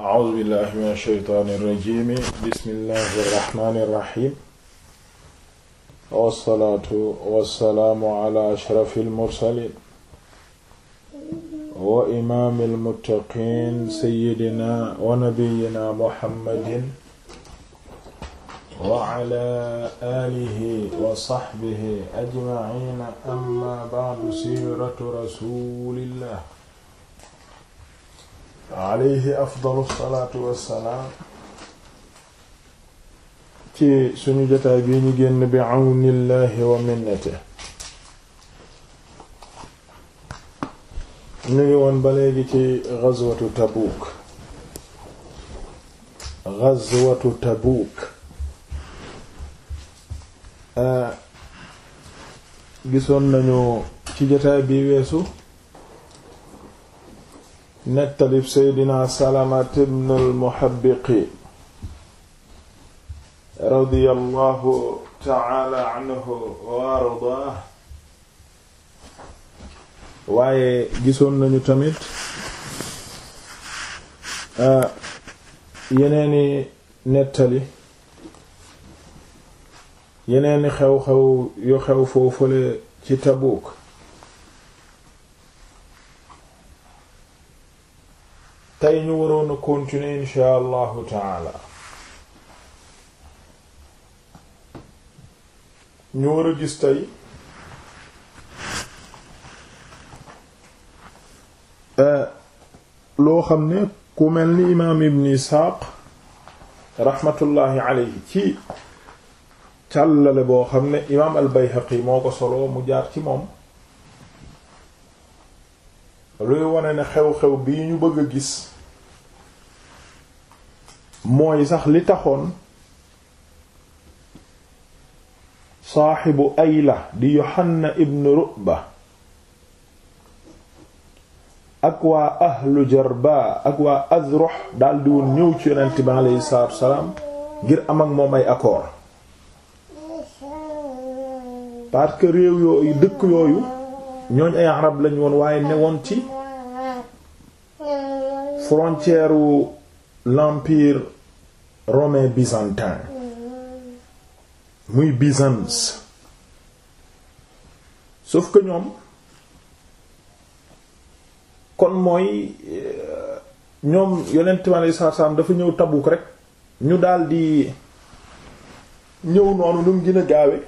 a'uuzu billahi mina shaytaani rajiim bismillahi rahmaani rahiim wassalaatu wassalaamu ala ashrafil mursaliin wa imaamil muttaqiin sayyidinaa wa nabiyyinaa muhammadin wa ala aalihi wa sahbihi ajma'iin amma ba'du siiratu rasuulillah alayhi afdalu salaatu wassalaam ci suñu jotaay bi ñu génn bi àwnillaahi wa minnate ñu ngi woon ba léegi ci ghazwatu tabuuk ghazwatu tabuuk gisoon nañu ci jotaay bi weesu nettali seydina salamat ibn al-muhabbiqi radiyallahu taala anhu wa ardaah waaye gisoon nañu tamit ah, yeneeni nettali yeneeni xew-xew yu ci Tabuuk tey ñu waroon a continuer insha allahu taala ñu war a gis tey euh, loo xam ne ku mel ni imaam ibn isxaaq raxmatullaahi alayhi ci càllale boo xam ne imaam al bayhaqi moo ko soloo mu jaar ci moom luy wone ne xew-xew bii ñu bëgg a gis mooy sax li taxoon saaxibu ayla di yohanna ibn ru'ba ak waa ahlu jarba ak waa azrox daldi woon ñëw ci yonent bi aleyhi salaatu ngir am ak moom ay accord parce que réew yooyu dëkk yooyu ñooñ ay arab lañu woon waaye ne woon ci frontière wu l'empire romain byzantin muy Byzance sauf que ñoom kon mooy euh, ñoom yonent mi alayhi salaatu salaam dafa ñëw Tabuk rek ñu daldi ñëw noonu lum mu gën a gaawe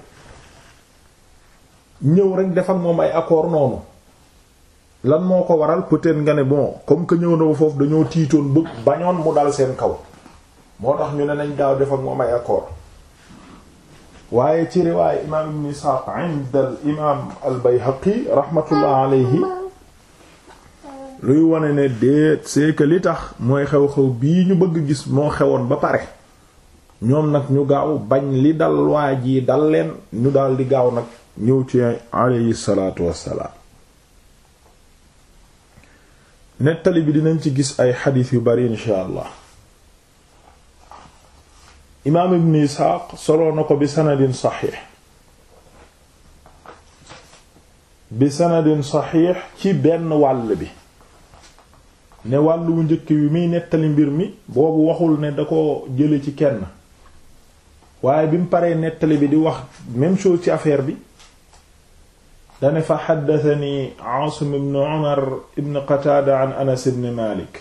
ñëw rek def ak moom ay accord noonu lan moo ko waral peut-être nga ne bon comme que ñëw ba foofu dañoo tiitoon bëgg bañoon mu dal seen kaw moo tax ñu ne nañ daaw def ak moom ay accord waaye ci riwaaya imaam ibn Isaaq inda al imaam al Bayhaqi rahmatullah alayhi luy wane ne déet c'est que li tax mooy xew-xew bii ñu bëgg gis moo xewoon ba pare ñoom nag ñu gaaw bañ li dal waa ji dal leen ñu dal di gaaw nag ñëw ci alayhi wassalaam nettali bi dinañ ci gis ay xadiis yu bari insha allah imaam ibn isxaaq soloo na ko bi sanadin saxiix bi sanadin saxiix ci benn wàll bi ne wàll wu njëkk wi muy nettali mbir mi boobu waxul ne da ko jële ci kenn waaye bi mu paree nettali bi di wax même chose ci affaire bi dane fa xaddatani Aasim ibn Umar ibn Qataada an Anas ibn Maalik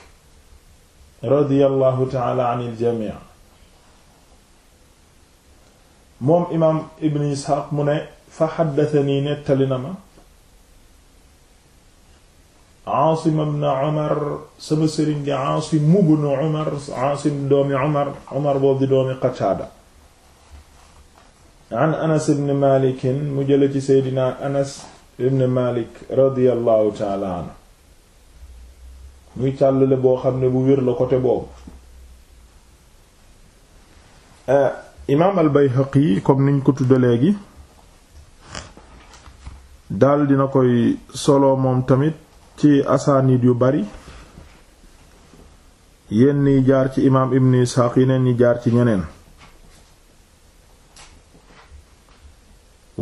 radiyallahu taala an al-jamii moom imaam ibn Isxaaq mu ne fa xaddatani nettali na ma Aasim ibn Umar sama sëriñ di Aasim ibn Umar Aasim doomi Umar Umar boobu di doomi Qataada an anas ibn malikin mu jële ci seydina anas ibn Malik radiyallahu taala anhu muy càllale boo xam ne bu wér la côté boobu ah, imaam al-Bayhaqi comme niñ ko tudde léegi daldi na koy solo moom tamit ci asaanid yu bari yenn yi jaar ci imaam ibn Isxaaq yeneen yi jaar ci ñeneen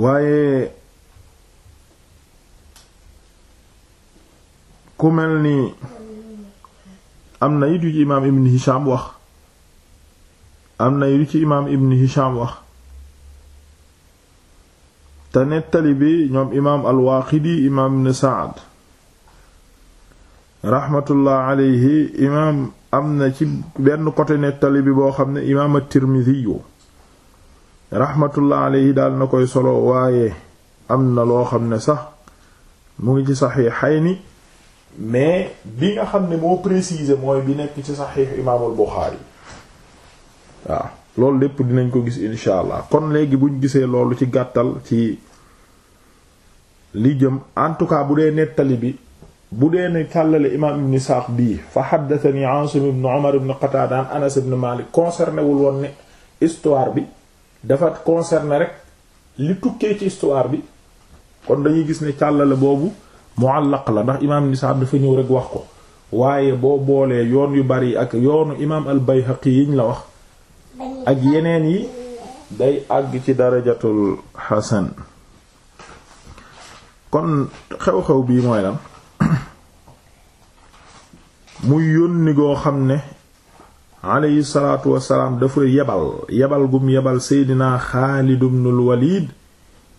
waaye ku mel ni am na it yu ci imaam ibn Hisham wax am na it ci imaam ibn Hisham wax te nettali bi ñoom imaam al-Waaqidi imaam ibn Saad raxmatullah alayhi imaam am na ci benn côté nettali bi boo xam ne imaam at-Tirmidhi raxmatullah alayhi daal na koy solo waaye am na loo xam ne sax mu ngi ci ni mais bi nga xam ne moo préciser mooy bi nekk ci saxiix imaamul Buxaari waaw loolu lépp dinañ ko gis insha allah kon léegi bu ñu gisee loolu ci gàttal ci li jëm en tout cas bu dee nettali bi bu dee ne càllale imaam ibn Isaaq bii fa xaddatani Aasim ibn Umar ibn Qataada an Anas ibn Maalik concerné wul woon ne histoire bi dafa concerné rek li tukkee ci histoire bi kon dañuy gis ne càllale boobu muallaq la ndax imaam nisaab dafa ñëw rek wax ko waaye boo boolee yoon yu bari ak yoonu imaam al yi ñu la wax ak yeneen yi day àgg ci darajatul hasan kon xew-xew bii mooy lan muy yónni goo xam ne aleyhi salaatu wasalaam dafa yebal yebal gum yebal seydinaa xaalid ibnul walid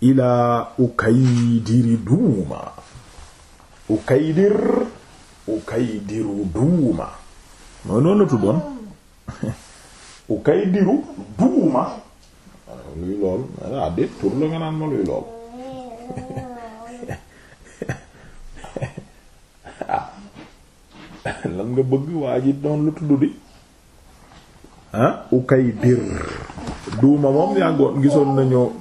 ilaa ukaydir duuma ukaydir ukaydiru duuma mooy noonu la tuddoon ukaydiru duuma luy lool ah déet tur la nga naan ma luy lool ah. lan nga bëgg waa ji doon lu tudd di ah ukaydir duuma moom yàggoon gisoon nañu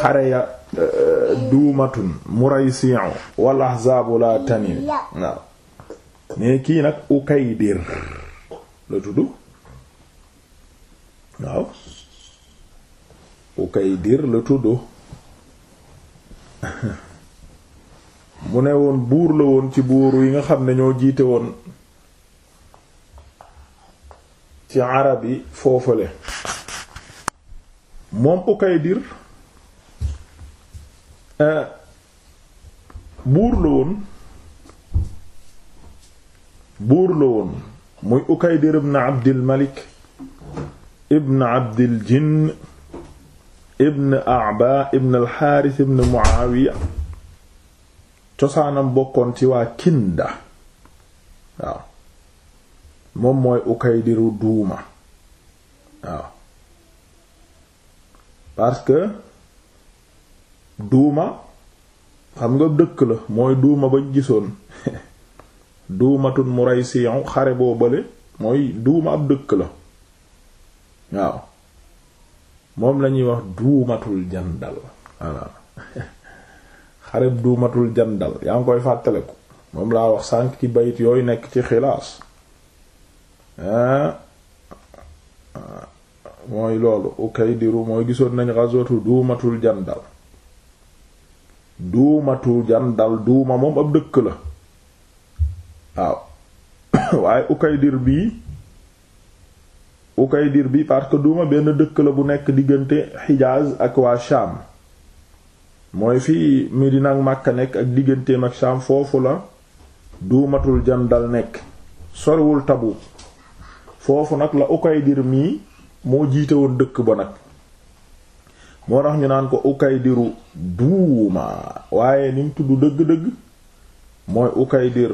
xare ya euh, duumatun muraysi'u wal ahzaabu la tanim waaw mais kii nag ukaydir la tudd waaw ukaydir la tudd mu ne woon buur la woon ci buuru yi nga xam ne ñoo jiite woon ci arab yi foofale moom Ukaydir euh, buur la woon buur la woon muy Ukaydir ibn Abdil Malik ibn Abdil Jinn ibn A'ba ibn al cosaanam bokkoon ci waa Kinda waaw moom mooy Ukaydiru Duuma waaw parce que duuma xam nga dëkk la mooy duuma bañ gisoon duumatun Muraysi xare boo bële mooy duuma ab dëkk la waaw moom lañuy wax duumatul jandal voilà xare duumatul jandal yaa ngi koy fàttaleku moom laa wax sànq ci bayit yooyu nekk ci xilaas ah. Ah. mooy loolu ukaydiru mooy gisoon nañ ghazwatu duumatul jandal duumatul jandal duuma moom ab dëkk la waaw waaye ukaydir bii ukaydir bi parce que duuma benn dëkk la bu nekk diggante xijaaz ak waa Shaam mooy fii Medina ak Makka nekk ak digganteem ak Shaam foofu la duumatul dal nekk soriwul tabu foofu nag la ukaydir mii moo jiite woon dëkk ba nag moo tax ñu naan ko Ukaydiru duuma waaye ni mu tudd dëgg-dëgg mooy Ukaydir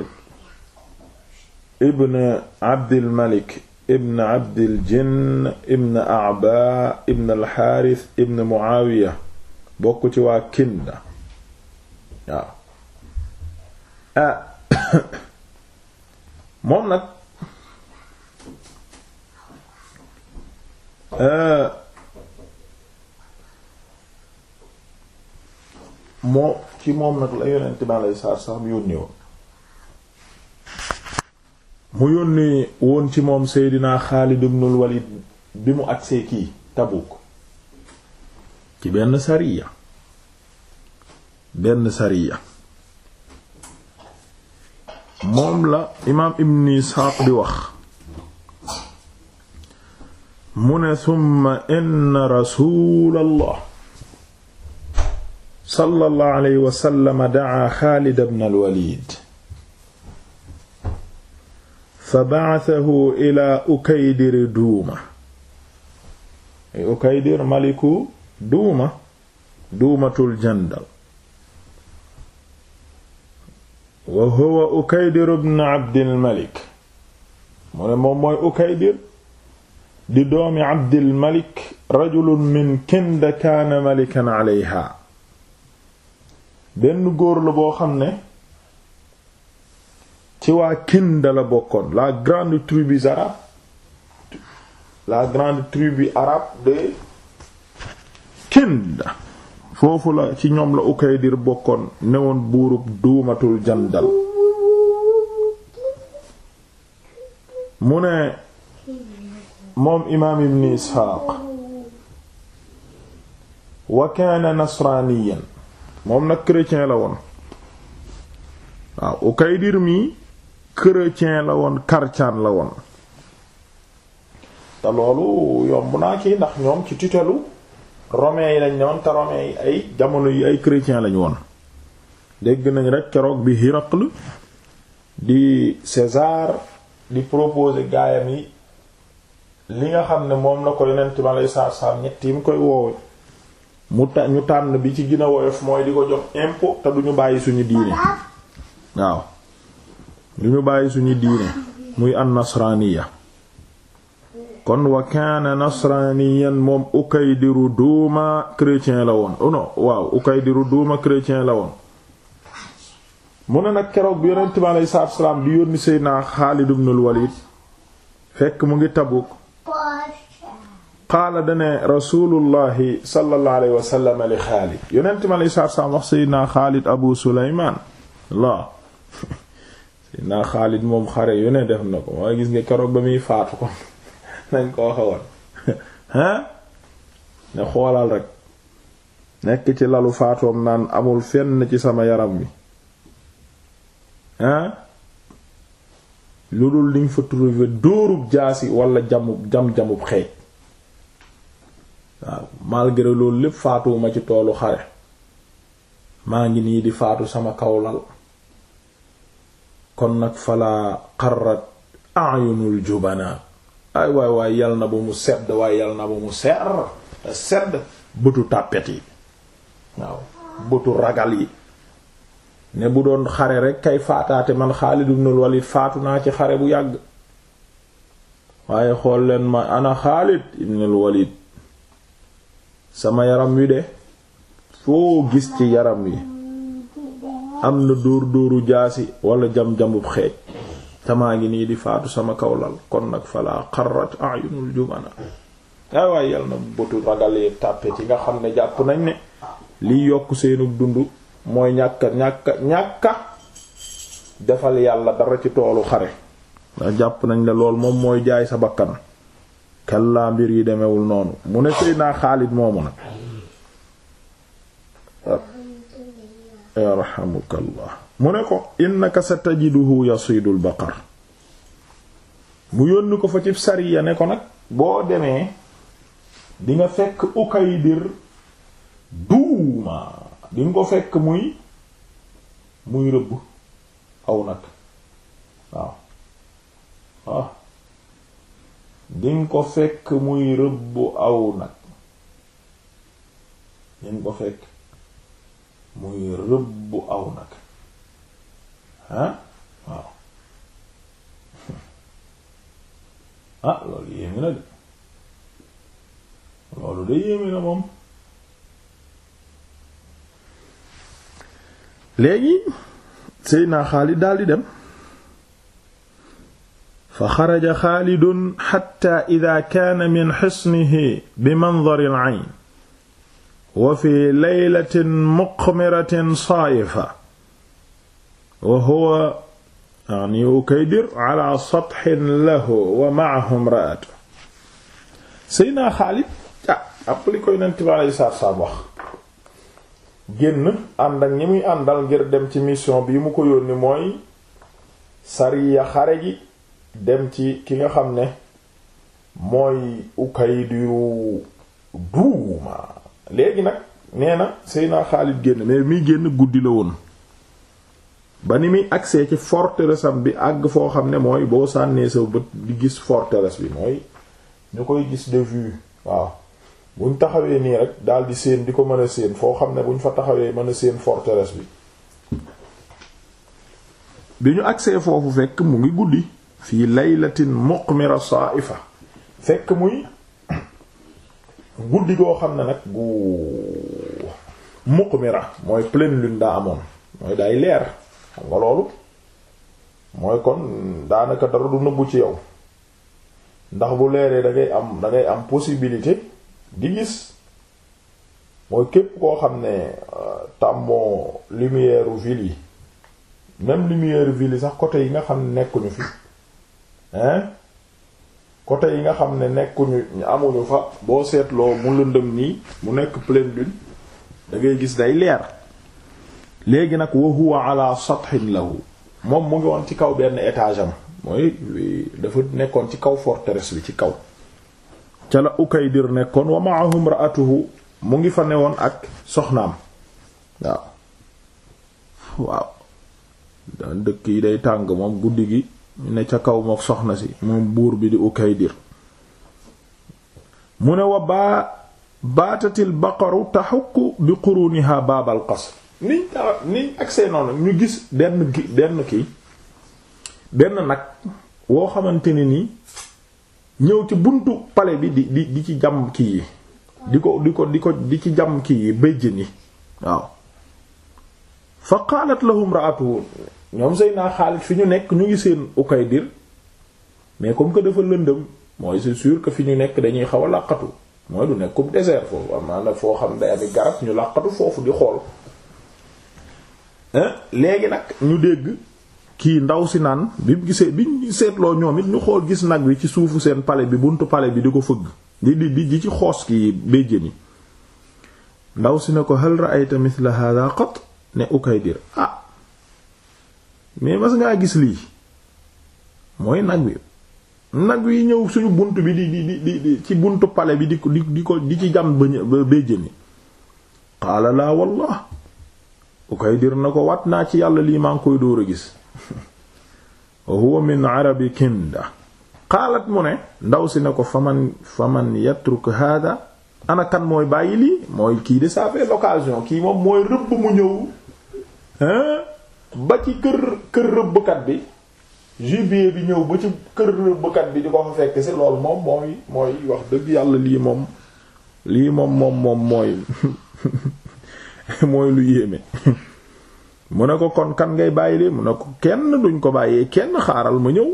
ibn Abdil Malik ibn Abdil ibn A'ba ibn al ibn Muawiya bokk ci waa Kinda waaw ah moom nag Euh, moo ci moom nag la yonent bi alayhi salaatu salaam yónni woon mu yónni woon ci moom Seydina Xaalid ibnul Walid bi mu agsee kii Tabuk ci benn sariya benn sariya moom la imaam Ibn Isxaaq di wax mu ne summa inna rasulallah sallallahu alayhi wa sallam da'a Xaalid ibn al-Walid fa ba'athahu ila Ukaydir Duuma Ukaydir maliku Duuma Duumatul Jandal wa huwa Ukaydir ibn Abdil Malik mu ne moom mooy Ukaydir di doomi abdilmalik rajulun min kinda kaana malikan aleyha benn góor la boo xam ne ci waa kinda la bokkoon la grande tribu arabe la grande kinda foofu la ci ñoom la ukaydir bokkoon newoon buurub duumatul jandal mu ne moom imaam ibn isxaaq wa kaana nasraaniyan moom nag crétien la woon waaw Ukaydir mi chrétien la woon karcaan la woon te loolu yomb naa kii ndax ñoom ci tutelu romains yi lañ ne te romains yi ay jamono yi ay chrétien lañ woon dégg nañ rek keroog bi Hiraql di César di proposer gaayam yi li nga xam ne moom la ko yonent ma lay saar saar ñett yi mu koy woowe mu ta ñu tànn bi ci gina a woyof mooy di ko jox impôt te duñu bàyyi suñu diine waaw duñu bàyyi suñu diine muy an nasraniya kon wa kaana nasraniyan moom ukaydiru duuma chrétien la woon oh non waaw ukaydiru duuma chrétien la woon mu ne nag keroog bi yonent bi aleyhi salaatu wa salaam di yónni Seydina Xaalid ibnul Walid fekk mu ngi Tabuk qaala dane rasulullahi sallallahu alayhi wasallam li xaalid yonent mi alei saatu salaam wax seydinaa xaalid abu suleymaan la seydinaa xaalid moom xare yu ne def na ko waaye gis nga keroog ba muy faatu kon nañ ko waxe hein ne xoolal rek nekk ci lalu faatoom naan amul fenn ci sama yaram wi hein lu dul liñ fa trouvé dóorub jaasi wala jamub jam-jamub xeej waaw malgré loolu lépp faatuwuma ci toolu xare maa ngi nii di faatu sama kaw kawlal kon nag fala xarrat ayunul jubana ay waay waay yal na ba mu sedd waaye yal na ba mu ser sedd bëtu tàppet yi waaw bëtu ragal yi ne bu doon xare rek kay faataate man Xaalid ibn Walid faatu naa ci xare bu yàgg waaye xool leen ma ana Xaalid ibn Walid sama yaram wi de foo gis ci yaram wi am na dóor dóoru jaasi walla jam-jamub xeej tamaa ngi nii di faatu sama kaw lal kon nag fala xarrat ayunul jumana ay waay yal na botu ragalee tàppe ci nga xam ne jàpp nañ ne liy yokk seenu dund mooy ñàkka ñàkka ñàkka defal yàlla dara ci toolu xare ndax jàpp nañ ne lool moom mooy jaay sa bakkan kallaa mbir yi demewul noonu mu ne Seydina Xaalid moomu nag ah. yarhamukallah mu ne ko innaka satajiduhu yasidul baqar mu yónni ko fa ci sariya ne ko nag boo demee dinga fekk Ukaydir duuma dinga ko fekk muy muy rëbb aw nag waaw ah. dinga ko fekk muy rëbbu aw nag dinga ko fekk muy rëbbu aw nag ah waaw ah loolu yéeme na de loolu de yéeme na moom léegi Seydina Xaalid daldi dem fa xaraja xaalidun xatta ida kaana min xisnihi bi mandari al ayn wa fi laylatin muqmiratin saayifa wa huwa yani ukaydir ala satxin lahu wa maahu imraatu seydna xaalid ah ab li koy nent bi saab wax génn ànd ak ñi muy àndal ngir dem ci mission bi mu ko yónni mooy sariya xare ji dem ci ki nga xam ne mooy ukay du duuma léegi nag nee na sëy naa Xaalid génn mais miy génn guddi la woon ba ni muy agsee ci forteresse bi àgg foo xam ne mooy boo sànnee sa bët di gis forteresse bi mooy ñu koy gis de vue waaw buñ taxawee nii rek di séen di ko mën a séen foo xam ne buñ fa taxawee mën a séen forteresse bi bi ñu agsee foofu fekk mu ngi guddi fii laylatin muqmira sa'ifa fekk muy guddi goo xam ne nag gu muqmira mooy pleine lune daa amoon mooy day leer xam nga loolu mooy kon daanaka dara du nëbbu ci yow ndax bu leeree da am da am possibilité di gis mooy képp koo xam ne euh, tàmmoo lumière ville yi même lumière ville yi sax côté yi nga xam nekkuñu fi hein côté yi nga xam ne nekkuñu amuñu fa boo seetloo mu lëndëm nii mu nekk pleine lune da ngay gis day leer léegi nag wa huwa ala sathin lahu moom mu ngi woon ci kaw benn étage mooy dafa nekkoon ci kaw forteresse bi ci kaw ca la Ukaydir nekkoon wa ma'ahu imra'atuhu mu ngi fa newoon ak soxnaam waaw waaw daan dëkk yi day tàng moom guddi gi ñu ne ca kaw mook soxna si moom buur bi di ukaydir mu ne wa baa baatatil baqaru taxukk bi quruniha baabal qasr niñ niñ agsee noonu ñu gis benn ki benn nag woo xamante ne nii ñëw ci buntu pale bi di di di ci jam kii yi di ko di ko di ko di ci jam kii yi bëjjën yi waaw fa qaalat lahum raatuhu ñoom naa Xaalid fi ñu nekk ñu ngi seen Ukaydir mais comme que dafa lëndëm mooy c'est sûr que fi ñu nekk dañuy xaw a làqatu mooy du nekk comme foofu am na foo xam day ami garab ñu làqatu foofu di xool léegi nag ñu dégg kii ndaw si naan bi mu gisee bi seetloo ñoom it ñu xool gis nag wi ci suufu seen pale bi buntu pale bi di ko fëgg di di di ci xoos ki béjjën yi ndaw si ne ko hal ra'ayta mithla hadha qat ne Ukaydir ah mais mas ngaa gis lii mooy nag wi nag wi ñëw suñu bunt bi di di di di ci buntu pale bi di ko di ko di ci jam ba béjjëni qaala laa wallah ukay dir na ko wat naa ci yàlla lii maa ngi koy dóor a gis wa huwa min arabi kinda xaalat mu ne ndaw si ne ko faman faman yatruk hada anakan mooy bàyyi lii mooy kii de ça fait l'occasion kii moom mooy rëbb mu ñëw ba ci kër kër rëbbkat bi gibier bi ñëw ba ci kër rëbbkat bi di ko fa fekk si loolu moom mooy mooy wax dëgg yàlla lii moom lii moom moom moom mooy mooy lu yéeme mu ne ko kon kan ngay bàyyi de mu ne ko kenn duñ ko bàyyee kenn xaaral ma ñëw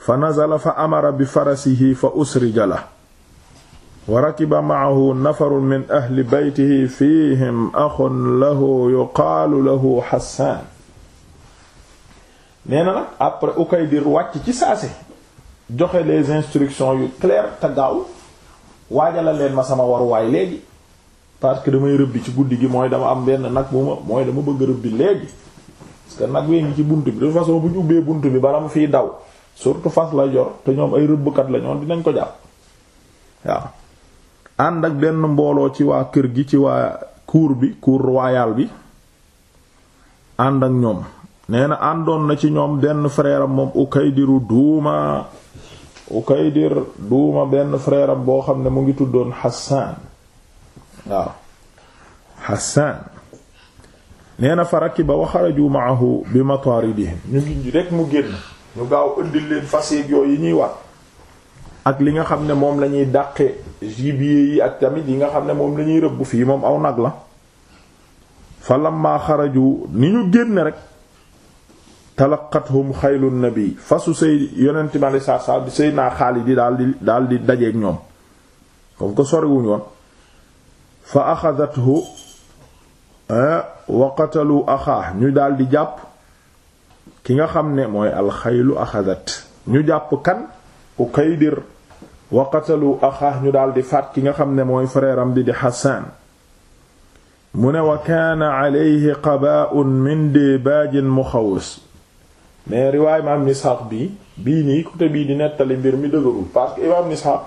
fa nazala fa amara bi farasihi fa usrija la wa rakiba maahu nafarun min ahli beytihi fihim axun lahu yuqaalu lahu xassaan nee na nag après Ukaydir wàcc ci saase joxe les instructions yu claires te gaaw waajala leen ma sama waruwaay léegi que damay rëbbi ci guddi gi mooy dama am benn nag bu mooy dama bëgg rëbbi léegi parce que nag wee ngi ci bunt bi de façon bu ñu ubbee bunt bi bala mu fiy daw surtout fas la jor te ñoom ay rëbbkat la ñoon dinañ ko jàpp waaw ànd ak benn mbooloo ci waa kër gi ci waa cour bi cour royale bi ànd ak ñoom nee na àndoon na ci ñoom benn frère am moom Ukaydiru Duuma Ukaydir Duuma benn frère boo xam ne mu ngi tuddoon Hassan waaw Hassan nee na faraki ba waxaraju maahu bi mataaridihim ñu ngi rek mu génn ñu gaaw ëndil leen fas yeeg yooyu yi ñuy wat ak li nga xam ne moom lañuy ñuy dàqe gibier yi ak tamit yi nga xam ne moom la ñuy rëbb fii moom aw nag la fa lamma xaraju ni ñu génn rek talaqathum xaylu bi fasu say yonent mi aleyhi salaatu salaam bi Seydina Xaalid di daal di daal di dajeeg ñoom comme que soriwuñu woon fa axadathu eh, wa qatalu axaa ñu daal di jàpp ki nga xam ne mooy alxaylu axadat ñu jàpp kan Ukaydir wa qatalu axaah ñu daal di faat ki nga xam ne mooy frère bi di xasaan mu ne wa kaana alayhi qabaa'un min dibaajin muxawis mais riwaay imaam nisxaaq bi bii nii côté bii di nettali mbir mi dëgërul parce que imaam nisxaaq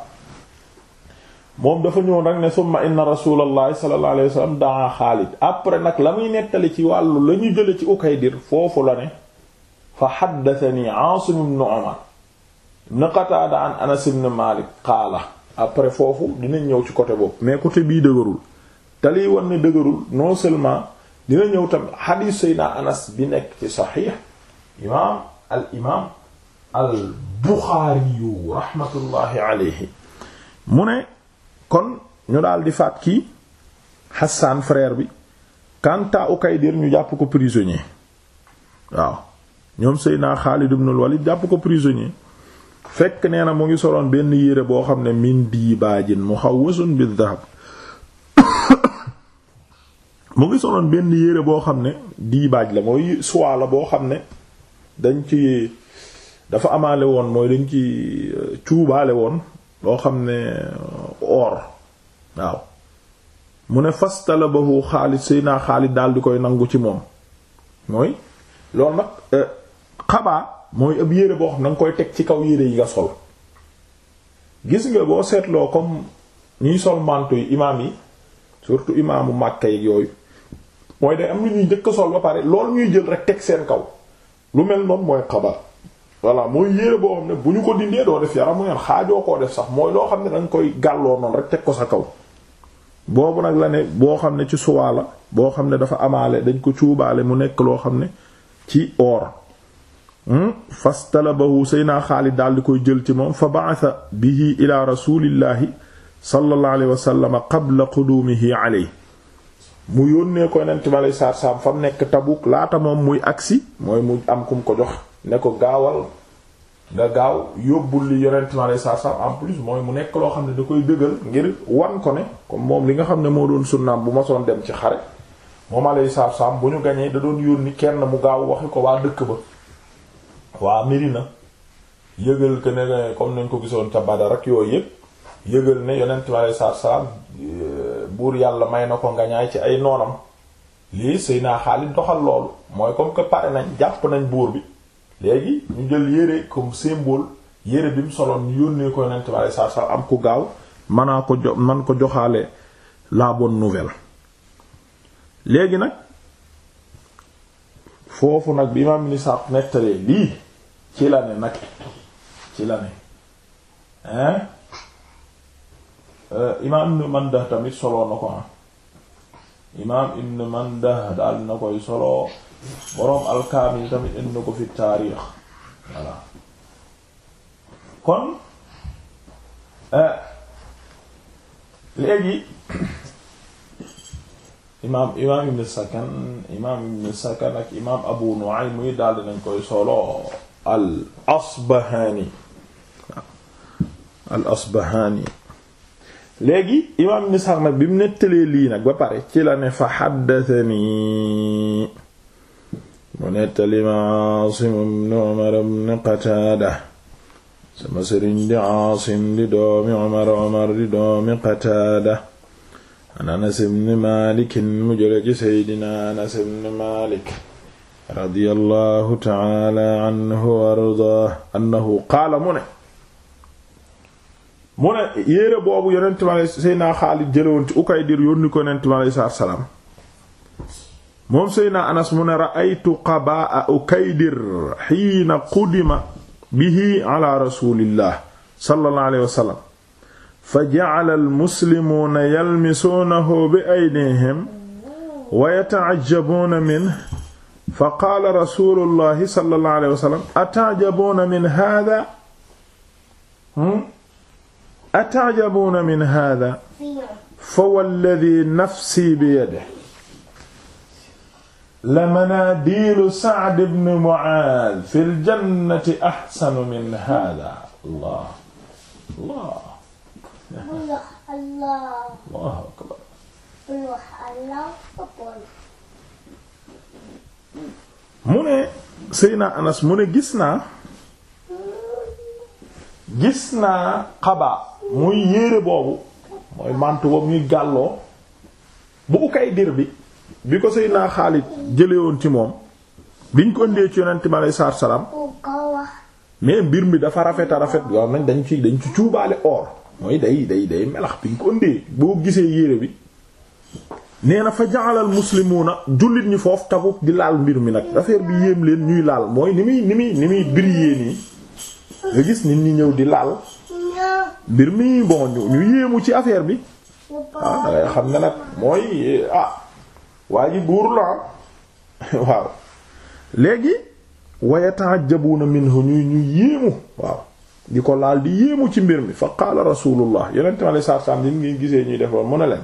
moom dafa ñëwoon rek ne summa inna rasulallahi sallallahu alayhi daa xaalid après nag la muy nettali ci wàllu la ñu jële ci ukaydir foofu la ne fa xaddatani aasim ibn umar ibn Qataada an Anas ibn Malik qaala après foofu dina ñëw ci côté bopp mais côté bii dëgërul te liy wan ne dëgërul non seulement dina ñëw tam xadiis Seydina Anas bi nekk ci saxiix imaam al imaam al Buxaariyu raxmatullaahi aleyhi mu ne kon ñu dal di faat kii Hassan frère bi kanta Ukaydir ñu jàpp ko prisonnier waaw ñoom Seydina Xaalid ibn al Walid jàpp ko prisonnier fekk nee na mu ngi soloon benn yére boo xam ne min diibaajin muhawwasun bi dahab mu ngi soloon benn yére boo xam ne diibaaj la mooy soie boo xam ne dañ ci dafa amaale woon mooy dañ ci euh, cuubaale woon loo xam ne euh, or waaw mu ne fastalabahu Xaalid Seydina Xaalid daal di koy nangu ci moom mooy loolu nag euh, xabaa mooy ab yére boo xam da nga koy teg ci kaw yére yi nga sol gis nga boo seetloo comme ñuy sol manto yi yi surtout imaamu Makka yi yooyu mooy am lu ñuy njëkk sol ba pare loolu ñuy jël rek teg seen kaw lu mel noonu mooy xabaa voilà mooy yére ne bu ñu ko dindee doo def yaram mu xaajoo koo def sax mooy loo xam ne danga koy gàlloo noonu rek teg ko sa kaw boobu nag la ne boo xam ne ci suwaa boo xam ne dafa amaale dañ ko cuubaale mu nekk loo xam ne ci or Hmm? fastalabahu naa Xaalid daal di koy jël ci moom fa ba'atha bihi ila rasulillahi sallallahu alayhi wa sallam qabla qudumihi alayhi mu yónnee ko yonent bi alay saar saam fa mu nekk tabu laata moom muy agsi mooy mu am kum ko jox ne ko gaawal nga gaaw yóbbul li yonent bi alay saar saam en plus mooy mu nekk loo xam ne da koy dëgël ngir wan ko ne comme moom li nga xam ne moo doon sunnaam bu ma soon dem ci xare moom alay saar saam bu ñu gañee da doon yónni kenn mu gaaw waxi ko waa waa Medina yëgal que ne nañ ko gisoon ca Badar ak yooyu yëpp yëgal ne yonent bi aleyhi salaatu salaam euh, buur yàlla may na ko ngañaay ci ay noonam lii sëy naa Xaalid doxal loolu mooy comme que pare nañ jàpp nañ buur bi léegi ñu jël yére comme symbole yére bi mu soloon yónnee ko yonent bi aleyhi salaatu salaam am ku gaaw manaa ko ko joxaale la bonne nouvelle léegi nag foofu nag bi imaam ni sax nettalee lii ci la ne nag ci la ne hein euh, imaam ibn Mandah tamit soloo na ko am ah. imaam ibn Mandah daal na koy solo boroom alkaamil tamit indi na ko fi taariix voilà kon euh, léegi imaam imaam ibn Sakan imaam ibn Sakan ak imaam Abu Nu'aym muy daal nañ koy soloo al asbahaani imaam ibn Sa'd bi mu nettalee lii nag ba pare ci la ne fa xaddatani mu nettali ma Aasim ibn Umar ibn Qataada sama sëriñ di Aasim di doomi Umar Umar di doomi Qataada an Anas ibn Maalik mu jële ci Seydina Anas ibn Maalik radiyallahu taala anhu wa ardaah annahu qaala mu ne mu ne yére boobu yonent mi alay Seydina Xaalid jëlewoon ci Ukaydir yónni ko yonent mi alay salaam moom Seydina Anas mu ne ra'aytu qabaa'a Ukaydir hiina qudima bihi ala rasuulillah sallallahu alayhi wa sallam fa ja'ala al-muslimuuna yalmisuunahu bi aydiihim wa yata'ajjabuuna minhu fa qaala rasulullahi sallallahu alayhi wa sallam ata'jabuuna min haadaa hmm? ata'jabuuna min haadaa fa walladii nafsii biyadihi la manaadiilu Sa'd ibn Mu'aaz fil jannati ahsanu min haadaa Allah Allah Allah Allah akbar mu ne sëy Seyna Anas mu ne gis naa gis naa xabaa muy yére boobu mooy mantu boobu ñuy gàlloo bu ukay dir bi bi ko sëy Seyna Xaalid jëlewoon ci moom biñ ko ëndee ci yonent bi aleyhi salaam mais mbir mi dafa rafet a rafet waaw nañ dañ ci dañ ci cuubaale or mooy day day day melax biñ ko ëndee boo gisee yére bi nee na fa ja'alal muslimuuna jullit ñi foofu Tabuk di laal mbir mi nag affaire bi yéem leen ñuy laal mooy ni muy ni muy ni muy briller nii nga gis nit ñi ñëw di laal mbir mi bon ñu yéemu ci affaire bi ah xam ne nag mooy ah waa ji buur la waaw léegi ñu yéemu waaw di ko laal di yéemu ci mbir mi fa qaala rasulullah yonente mi alei satu salaam gisee ñuy def loolu mu ne leen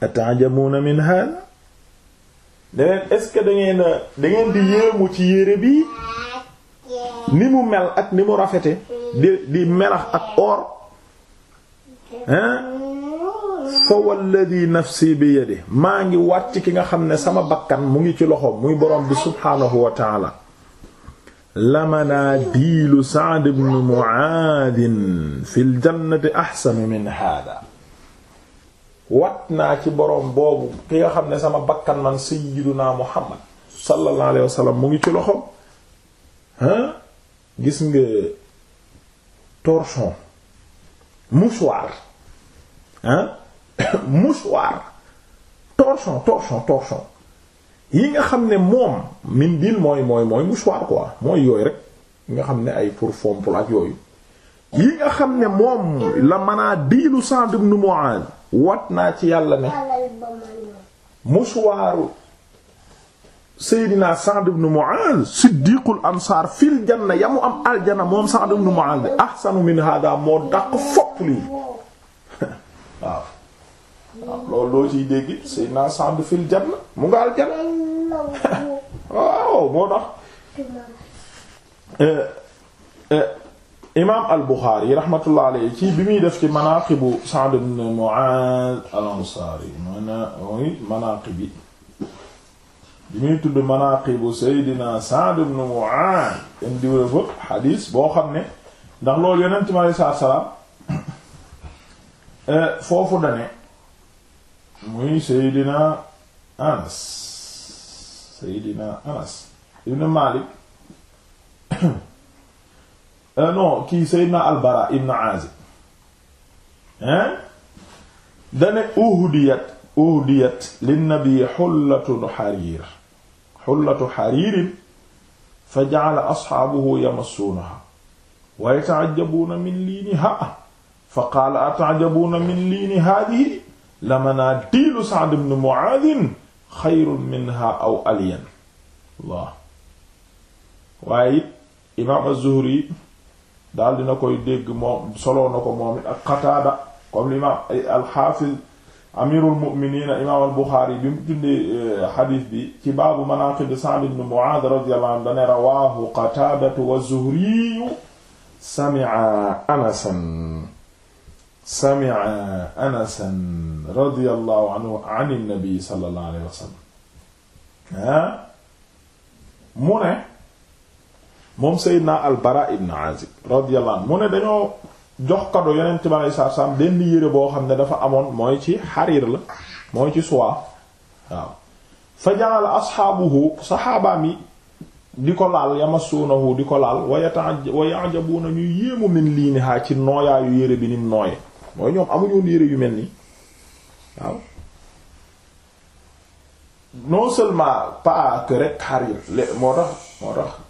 ata'jabuna min hada deneen est-ce di yéemu ci yére bi ni mu mel ak ni mu rafete di di melax ak or hein fa walladhi nafsi bi yadihi maa ngi wàcc ki nga xam ne sama bakkan mu ngi ci loxoom muy borom bi subhaanahu wa taala lamanaa diilu Sa'd ibn Mu'aadh fil jannati min haada wat naa ci boroom boobu ki nga xam ne sama bakkan man sayyiduna muhammad sallallahu alayhi wasallam mu ngi ci loxo hein gis nga torchon mouchoir hein mouchoir torchon torchon torchon yi nga xam ne moom mindil mooy mooy mooy mouchoir quoi mooy yooyu rek nga xam ne ay pour fomp ak yooyu yi nga xam ne moom la mën a diilu Sa'd ibn Mu'adh wat naa ci yàlla ne musuwaaru Seydina Sa'd ibn Mu'az siddiqul ansaar fil janna ya mu am aljana moom Sa'd ibn Mu'az bi ahsanu min hada moo daq fopp lii waaw loolu loo ciy dégg Seydina Sa'd fil janna mu nga aljana waaw moo tax eh, eh, imaam al Buxaari rahmatullah alayhi ci bi muy def ci manaaqibu Sa'd ibn Mu'aaz al Ansaari mooy manaaqib bi muy tudd manaaqibu Seydina Sa'd ibn Mu'aaz indiwee xadiis boo xam ne ndax loolu Yonent mi alayhi salaatu salaam eh, foofu dane muy Seydina Anas Seydina Anas ibn Maalik Euh, non kii Seydina Albara ibn Azib hein dane uhdiyat uhdiyat linnabi xullatun xariir xullatu xariirin fa jacala asxaabuhu yamassuunaha wa yatacajabuuna min liiniha fa qaala atacajabuuna min liini haadihi lamanaatiilu Sacd ibn Mucaad xayrun minha aw alyan waaw waaye it imaam az-Zuhri daal dina koy dégg moom soloo na ko moom it ak Qataada comme l'imam al-Hafiz amirul mu'minina imam al-Bukhari bi mu tuddee euh, hadith bi ci baabu manaqib Sa'd ibn Mu'adh radiyallahu anhu dane rawahu Qataada wa Zuhri sami'a Anasan sami'a Anasan radiyallahu anhu an an-nabi sallallahu alayhi wa sallam mu ne moom Seydina Al-Bara ibn Azib radiyallahu anhu mu ne dañoo jox kado yonent bi alayhi salaatu salaam benn yére boo xam ne dafa amoon mooy ci xariir la mooy ci soie waaw fa ja'ala ashaabuhu saxaabaam yi di ko laal yamassuunahu di ko laal wa ya'jabuuna ñuy yéemu min liinihaa ci nooyaayu yére bi nim nooye mooy ñoom amuñoon yére yu mel nii waaw non seulement pas que rek xariir moo tax moo tax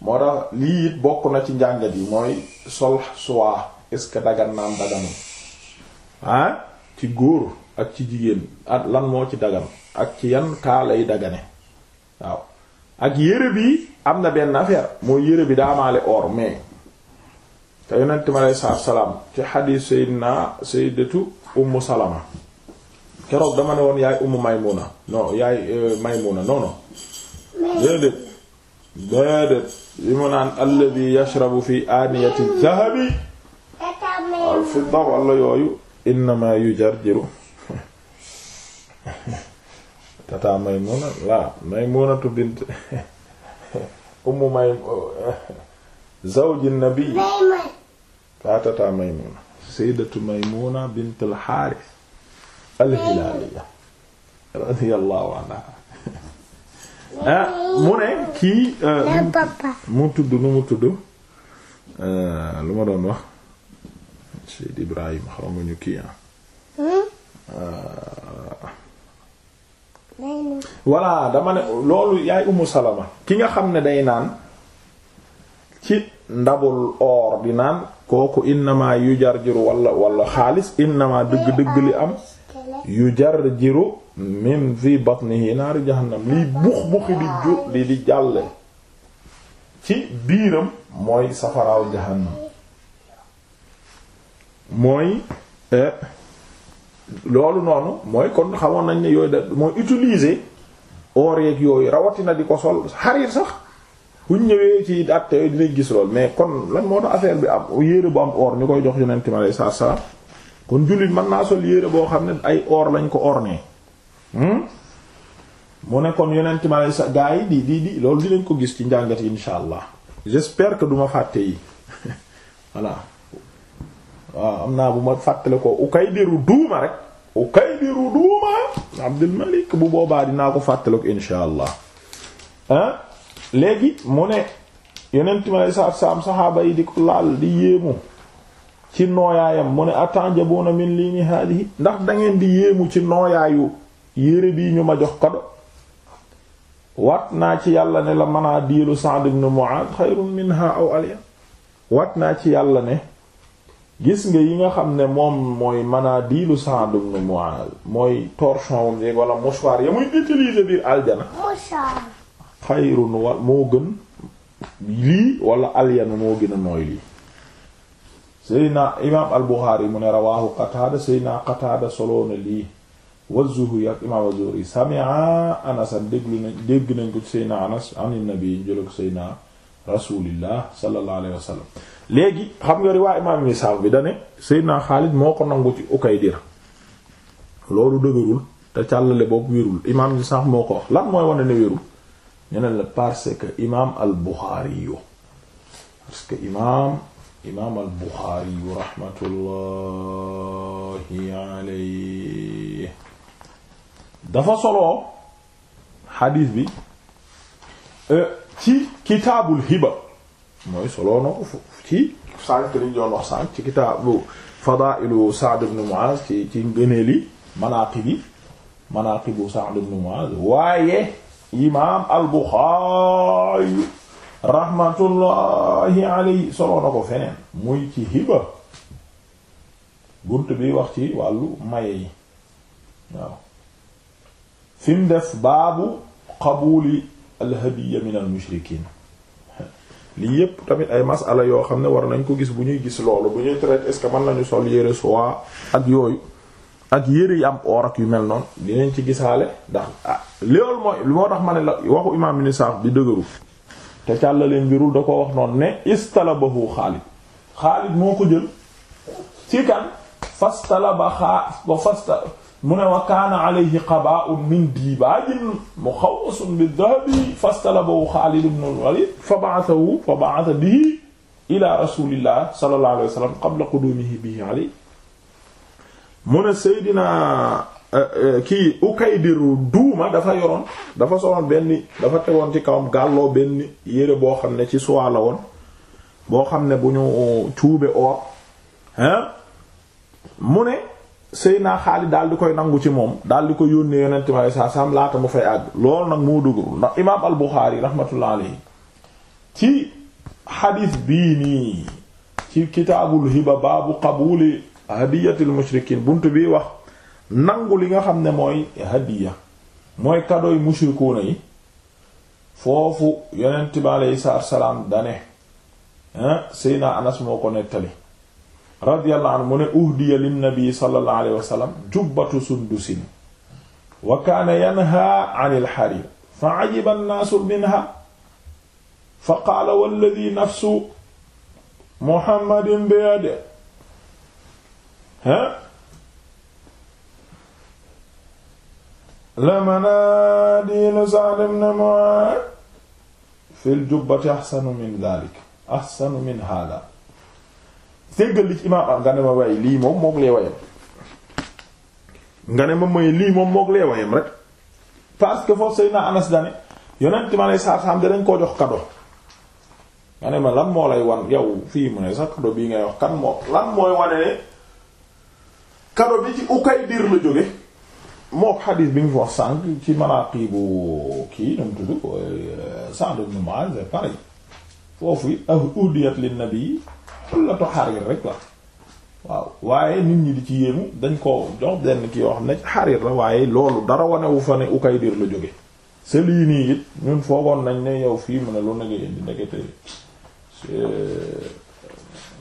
moo tax lii it bokk na ci njàngat yi mooy sol suwaa est-ce que dagan naam ah, ci góor ak ci jigéen lan moo ci dagan ak ci yan kaa lay dagane waaw ak yére bi am na benn affaire mooy yére bi daamaale or mais te yonent mi aleyhi salaatu salaam ci xadiis sayyidina sayyidatu ummu salama keroog dama ne woon yaay ummu maymuna non yaay euh, maymuna non non déedéet déedéet li mu naan alladi yashrabu fi aaniyati dahabi al fidda walla yooyu innama yujarjiru tata Maymuna la Maymunatu bint ummu may zawji nabi la tata Maymuna sayyidatu Maymuna bint al Haaris al Hilaaliya radiyallahu anha Ah, mu ne kii euh, mu tudd nu mu tudd euh, lu ma doon wax Seyd Ibrahima xaw ma ñu kii ah. hmm? euh, voilà dama ne loolu yaay Umu Salama ki nga xam ne day naan ci ndabul or di naan kooku innama yujarjiru walla walla xaalis innama dëgg dëgg li am yu yujarjiru min fi batnihi naari jahannam liy bux buxi di ju di di jàlle ci biiram mooy safaraaw jahannam mooy e, loolu noonu mooy kon xamoon nañ ne yooyu da mooy utiliser or yeeg yooyu rawatina di ko sol xarir sax buñ ñëwee ci àtte yooyu dinañ gis lool mais kon lan moo tax affaire bi am yére bu am or ñu koy jox yonent mi alayhi salaam kon jullit mën naa sol yére boo xam ne ay or lañ ko ornee Hmm? mu ne kon yeneen ci ma sa gaa yi di di di loolu dinañ ko gis ci njàngat yi insha allah j'espère que du ma fàtte yi voilà waaw am naa bu ma fàttale ko Ukaydiru duuma rek Ukaydiru duuma Abdul Malik bu boobaa dinaa ko fàttale ko insha allah ah léegi mu ne yeneen ci ma sa saam saxaaba yi di ko laal di yéemu ci nooyaayam mu ne atanjabuna min lii ni haadihi ndax dangeen di yéemu ci nooyaayu yére bii ñu ma jox kado wat naa ci yàlla ne la manaa diilu Sa'd ibn Mu'adh xayrun minha aw aliya wat naa ci yàlla ne gis nga yi nga xam ne moom mooy manaa diilu Sa'd ibn Mu'adh mooy torchon yeeg wala mouchoir ya muy utiliser biir aljana xayrun wa moo gën lii wala alyanu moo gën a nooy lii Seydina imaam al Buxaari mu ne rawaahu Qataada Seydina Qataada soloona lii wa Zuhri ak imaam az-Zuhri sami'a anasan déglu nañ dégg nañ ko ci Seydina Anas an nabi jële ko Seydina Rasulillah sallallahu léegi xam nga riwaay imaam Isaaq bi dane Seydina Xaalid moo ko nangu ci Ukaydir loolu dëgërul te càllale boobu wérul imaam Isaaq moo ko wax lan mooy wane ne wérul ñu ne la parce que imaam al-Buxaari parce que imaam imaam al-Buxaari rahmatullahi dafa soloo xadiis bi euh, ci kitaabul hiba mooy soloo na ko ci sànq liñ doon wax sànq ci kitaabu fadailu Sa'd ibn Mu'az ci ci ngëneeli manaaqibi manaaqibu Sa'd ibn Mu'az waaye imaam al-Bukhari rahmatullahi alayhi soloo na ko feneen muy ci hiba bunt bi wax ci wàllu maye yi waaw fi mu def baabu qabuli alhadiya min al mushrikiin lii yépp tamit ay masala yoo xam ne war nañ ko gis bu ñuy gis loolu bu ñuy traité est-ce que mën nañu sol yére soie ak yooyu ak yére yi am or yu mel noonu dinañ ci gisaale ndax ah loolu mooy li moo tax ma ne la waxu imaam ibn bi dëgëru te leen birul da ko wax noonu ne istalabahu Xaalid Xaalid moo ko jël ci kan fastalaba xaa fasta mu ne wa kaana alayhi qabaa'un min dibaajin muxawwasun bi dahabi fastalabahu Xaalid ibn al-Walid fa ba'athahu fa ba'atha ila rasulillah sallallahu alayhi wa sallam qabla qudumihi mu ne Seydina eh, eh, kii Ukaydiru duuma dafa yoroon dafa soloon benn dafa tegoon ci kawam gàlloo benn yére boo xam ne ci soie la woon boo xam ne bu ñu cuube or hein mu ne sëy naa Xaalid daal di koy nangu ci moom daal di ko yónnee yonent bi saa saam laata mu fay àgg loolu nag moo dugg ndax imaam al Buxaari rahmatullah alayhi ci xadiis bii nii ci kitaabul hiba baabu qabuuli hadiyatil mushrikiin bunt bi wax nangu li nga xam ne mooy hadiya mooy kadooy mushrikuuna yi foofu yonent bi alayhi salaam dane sëy naa Anas moo ko nettali radiyallahu anhu mu ne uhdiya linnabi sallallahu alayhi wa sallam jubbatu sundusin wa kaana yanha anil harir fa ajiba nnaasu minha fa qaala walladi nafsu muhammadin biyade ha la manaadilu Sa'd ibn Mu'aaz fil jubbati ahsanu min dhaalika ahsanu min haadhaa déggal li ci imaam ah, nga ne ma waaye lii moom mook lee wayam nga ne ma mooy lii moom mook lee wayam rek parce que foofu sëy naa anas dane yonent ma lay saar saam dañ koo jox kado nga ne ma lan moo lay wan yow fii mu ne sax kado bii ngay wax kan moo lan mooy wane kado bi ci Ukaydir la jóge mook xadiis bi nga fi wax sànq ci manaaqibu kii dam tudd Sa'd ibn Mu'adh pareil foofu yi ah udiyat lin nabi xul la toxarir rek la waaw waaye nit ñi di ci yéemu dañ ko jox benn ki yoo xam ne xarir la waaye loolu dara wanewu fa ne Ukaydir la jóge sa lii nii it ñun foogoon nañ ne yow fii mu ne lu nekk di ndekete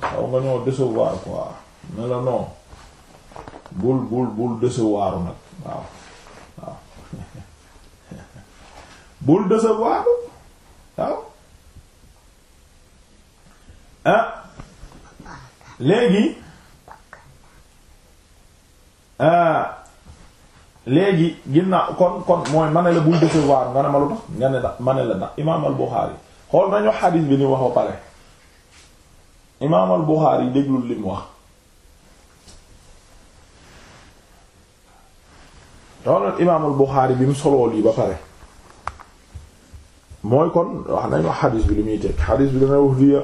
xaw nga ñoo décevoir quoi ne la non bul bul bul décevoir nag waaw waaw bul décevoir waaw ah léegi euh, léegi ginnaaw kon kon mooy ma ne la bul décevoir nga ne ma lu tax nga ne da ma ne la ndax imaam al xool nañu xadiis bi ni wax ba pare imaam al Buxaari déglul li wax toolal imaam al Buxaari bi mu soloo lii ba pare mooy kon wax nañu xadiis bi li muy teg xadiis bi dana wax via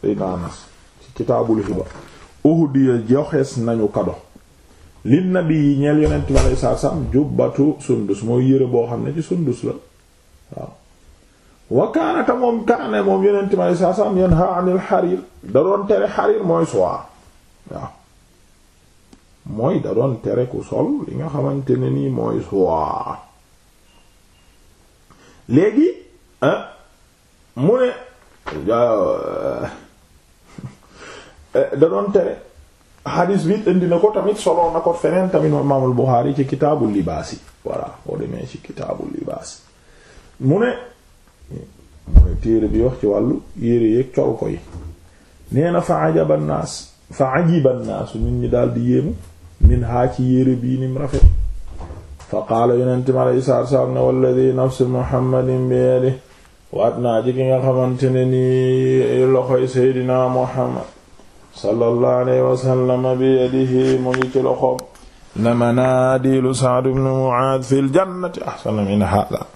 Seydina Anas kitaabul hiba uhdiya joxees nañu kado lin nabi yi ñeel yonent bi aleyhi salaatu salaam jubbatu sundus mooy yére boo xam ne ci sundus la waaw wa moom kaane moom yonent bi aleyhi salaatu salaam yanha anil xariir da doon tere xariir mooy soie waaw mooy da doon tere ku sol li nga xamante ne nii mooy soie léegi ah, mu ne Eh, da doon tere xadis bi indi na ko tamit solo na ko feneen tamit imaamul Buxaari ci kitaabul libaas yi voilà boo demee ci kitaabul libaas mu ne mooy téere bi wax ci wàllu yére yeeg col ko yi nee fa ajaba naas fa ajiba naasu nit ñi daal di yéemu min haa ci yére bii nim rafet fa qaala yonente mi aleyhi salaatu salaam ne walladi nafsu muhammadin bi yadihi waat naa ji nga xamante ne nii loxoy seydinaa muhammad sallallahu alayhi wa sallam bi yadihi mu ngi ci loxoom na manaadilu Sa'd Mu'aad fil jannati ahsana min haadaa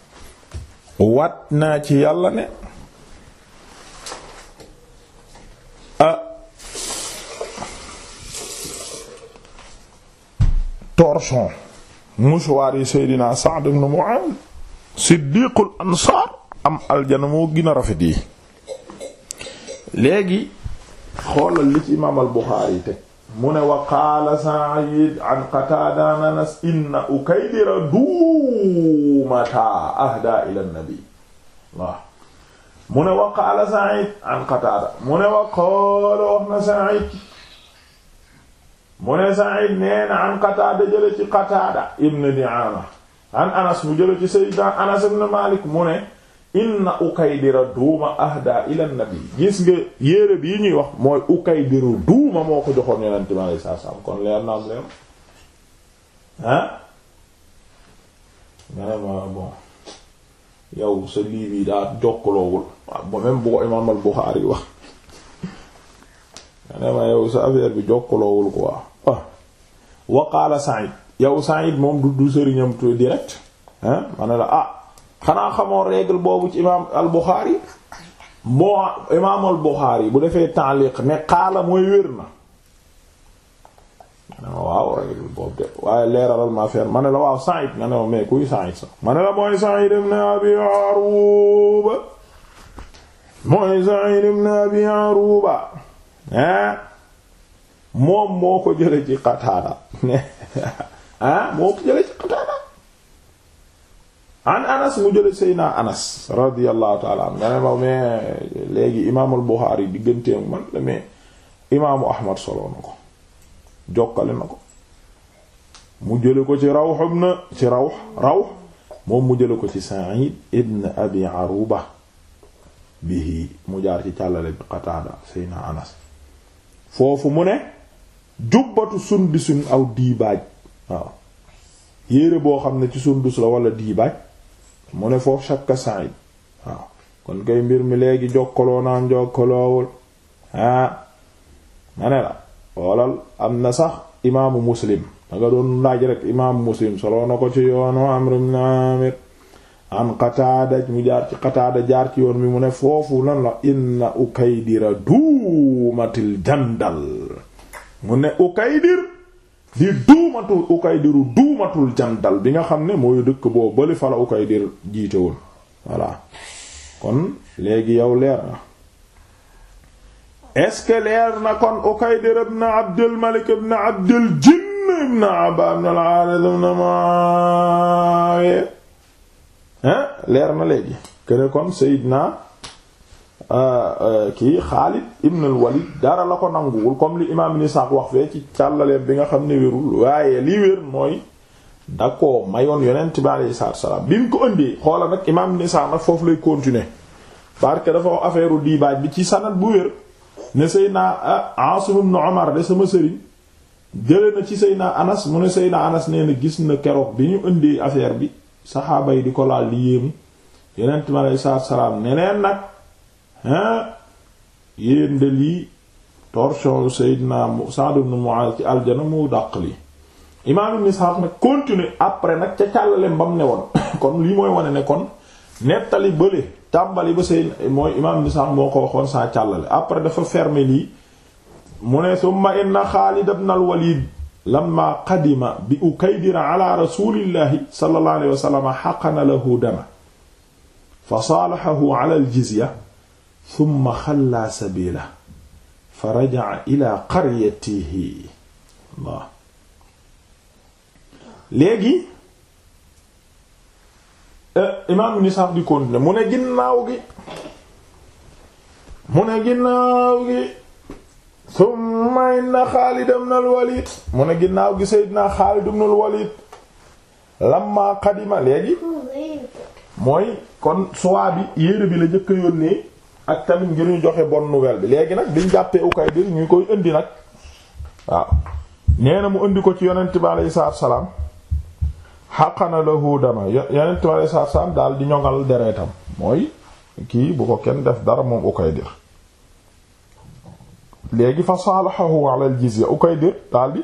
wat naa ci yàlla ne ah Seydina Sa'd ibn Mu'aad siddiqul ansaar am aljana moo gën a rafet yi xoolal li ci imaam al Buxaari teg mu wa qaala Sa'id an Qataada Anas inna Ukaydira duumata ahda ila nabi waaw wa qaala Sa'id an Qataada mu wa qaala wax na Sa'id mu ne an Qataada jële ci Qataada ibn Di'aama an Anas mu jële ci Anas ibn Maalik mu inna ukaydira duuma ahda ila nabi gis nga yére bii ñuy wax mooy ukaydiru duuma moo ko joxoon yonent bi alayhi salaam kon leer na am leer nga ne ma bon sa lii bii daa jokkaloowul ko imaam al-Bukhari wax nga bi jokkaloowul quoi ah moom du du sëriñam direct ah ma ne la ah xanaa xamoo règle boobu ci imaam al Buxaari bu defee ta'liq ne xaala mooy wér waaw règle boobu de waaye leeralal ma affaire ma la waaw Sa'id nga ne ma mais kuy Sa'id sax ma la mooy Sa'id ibn Abi Aruuba mooy Sa'id ibn Abi Aruuba moom moo ko jële ci Qataada ah moo ko jële an anas mu jële seyna anas radiallahu taala an nga ne ma mais léegi imaamul Buxaari digganteem man la mais imaamu ahmad soloo na ko jokkale na ko mu jële ko ci rawx ibn ci raw rawx moom mu jële ko ci Sa'id ibn abi Aruba bihi mu jaar ci càllale bi Qataada seyna anas foofu mu ne jubbatu sundusun aw diibaaj waaw yére boo xam ne ci sundus la wala diibaaj mu ne foofu shakka sa'id kon kay mbir mi léegi jokkaloo naam jokkaloowul ah ma am na sax imaamu muslim danga doon laaj rek imaamu muslim soloo ko ci yoonu amr ibn amir an qataada mu jaar ci yoon mi mu ne foofu lan la inna ukaydira duumatil jandal mu ne ukaydir di duumatul Ukaydiru duumatul Jandal bi nga xam ne mooy dëkk boo bali fala Ukaydir jiite woon voilà kon léegi yow leer na est-ce que leer na kon Ukaydir ibn Abdul Malik ibn Abdul Jinn ibn Aba ibn al-Harith ibn Muawiya leer na léegi kene kon Seydina kii Xaalid ibn al-Walid dara la ko nanguwul comme li imaam Ibn Sa'd wax fee ci càllaleem bi nga xam ne wérul waaye lii wér mooy da ko mayoon yonent bi alayhi salaatu wa salaam bi mu ko ëndee xoola nag imaam Ibn nag foofu lay continuer parce que dafa wax affaire diibaaj bi ci sanad bu wér ne Seydina Aasim ah, ibn Umar de sama sëriñ jële na ci Seydina Anas mu ne Seydina Anas nee na gis na keroog bi ñu ëndee affaire bi saxaaba yi di ko laal li yéemu yonent bi hein yéen de lii torsion Seydina Sa'd ibn Mu'adh ci aljana mu dàq lii imaam Ibn Ishaq nag continuer après nag ca càllale mbam ne woon kon lii mooy wane ne kon nettali bële tàmbali ba sey mooy imaam Ibn moo ko waxoon saa càllale après dafa fermer lii mu ne summa inna Xaalid ibn al-Walid qadima bi Ukaydira ala rasulillahi sallallahu alayhi wa xaqana lahu dama fa saalahahu ala al thumma xallaa sabila fa rajaca ila qaryatihi waaw léegi eh, imaam ibn Sa'd di continuer mu ne ginnaaw gi mu ne ginnaaw gi thumma inna Xaalid ibn al-Walid mu ne ginnaaw gi Seydina Xaalid ibn al-Walid lamma qadima léegi mooy kon suwaa bi yére bi la jëkk a yónnee ak tamit ngir ñu joxe bon nouvelle bi léegi nag biñ jàppee ukay bi ñu koy indi nag waaw nee na mu indi ko ci yonent bi aleyhi salaam xaqana lahu dama yonent bi aleyhi salaam daal di ñoŋal deretam mooy kii bu ko kenn def dara moom Ukaydir léegi fa saalaxahu ala al jizya Ukaydir daal di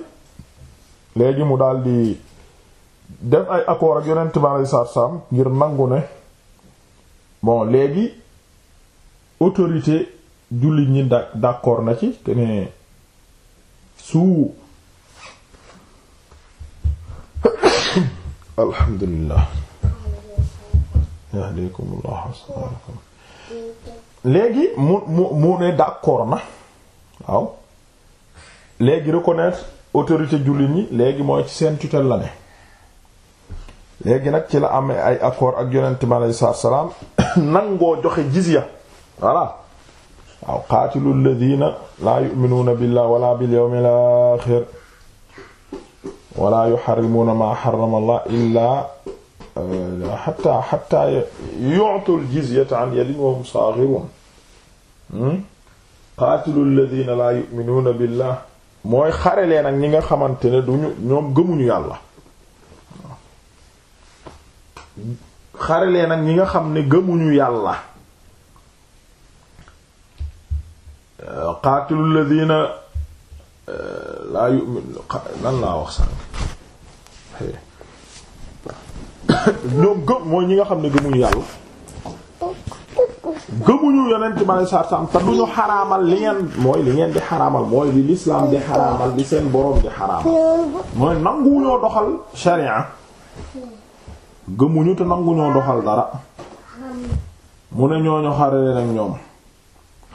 léegi mu daal di def ay accord ak yonent bi aleyhi salaam ngir nangu ne bon léegi. autorité jullit ñi da d'accord na ci que ne su alhamdulillah yahdikumullah léegi mu mu mu ne d'accord na waaw léegi reconnaître autorité jullit ñi léegi mooy ci seen tutel la ne léegi nag ci la amee ay accord ak yonent mi alayhi salaam nangoo joxe ya voilà waaw qaatilu alladina laa yuminuuna billah wala bil yawmil axir wala yuxarrimuuna maa xarama allah illa xatta euh, xatta yu'tu al-jizyata an yadin wa hum saaxiruun hmm? qaatilu alladina laa yuminuuna billah mooy xare leen ak ñi nga xamante ne duñu ñoom gëmuñu yàlla xare leen ak ñi nga xam ne gëmuñu yàlla qaatilu alladhina laa yu'minu lan laa wax sànk ñoom mooy ñi nga xam ne gëmuñu yàlla gëmuñu yeneen ci ma saar saam te duñu xaraamal li ngeen mooy li ngeen di xaraamal mooy li lislaam di xaraamal di seen boroom di xaraamal mooy nanguñoo doxal sharia gëmuñu te nanguñoo doxal dara mu ne ñooñu xare leen ak ñoom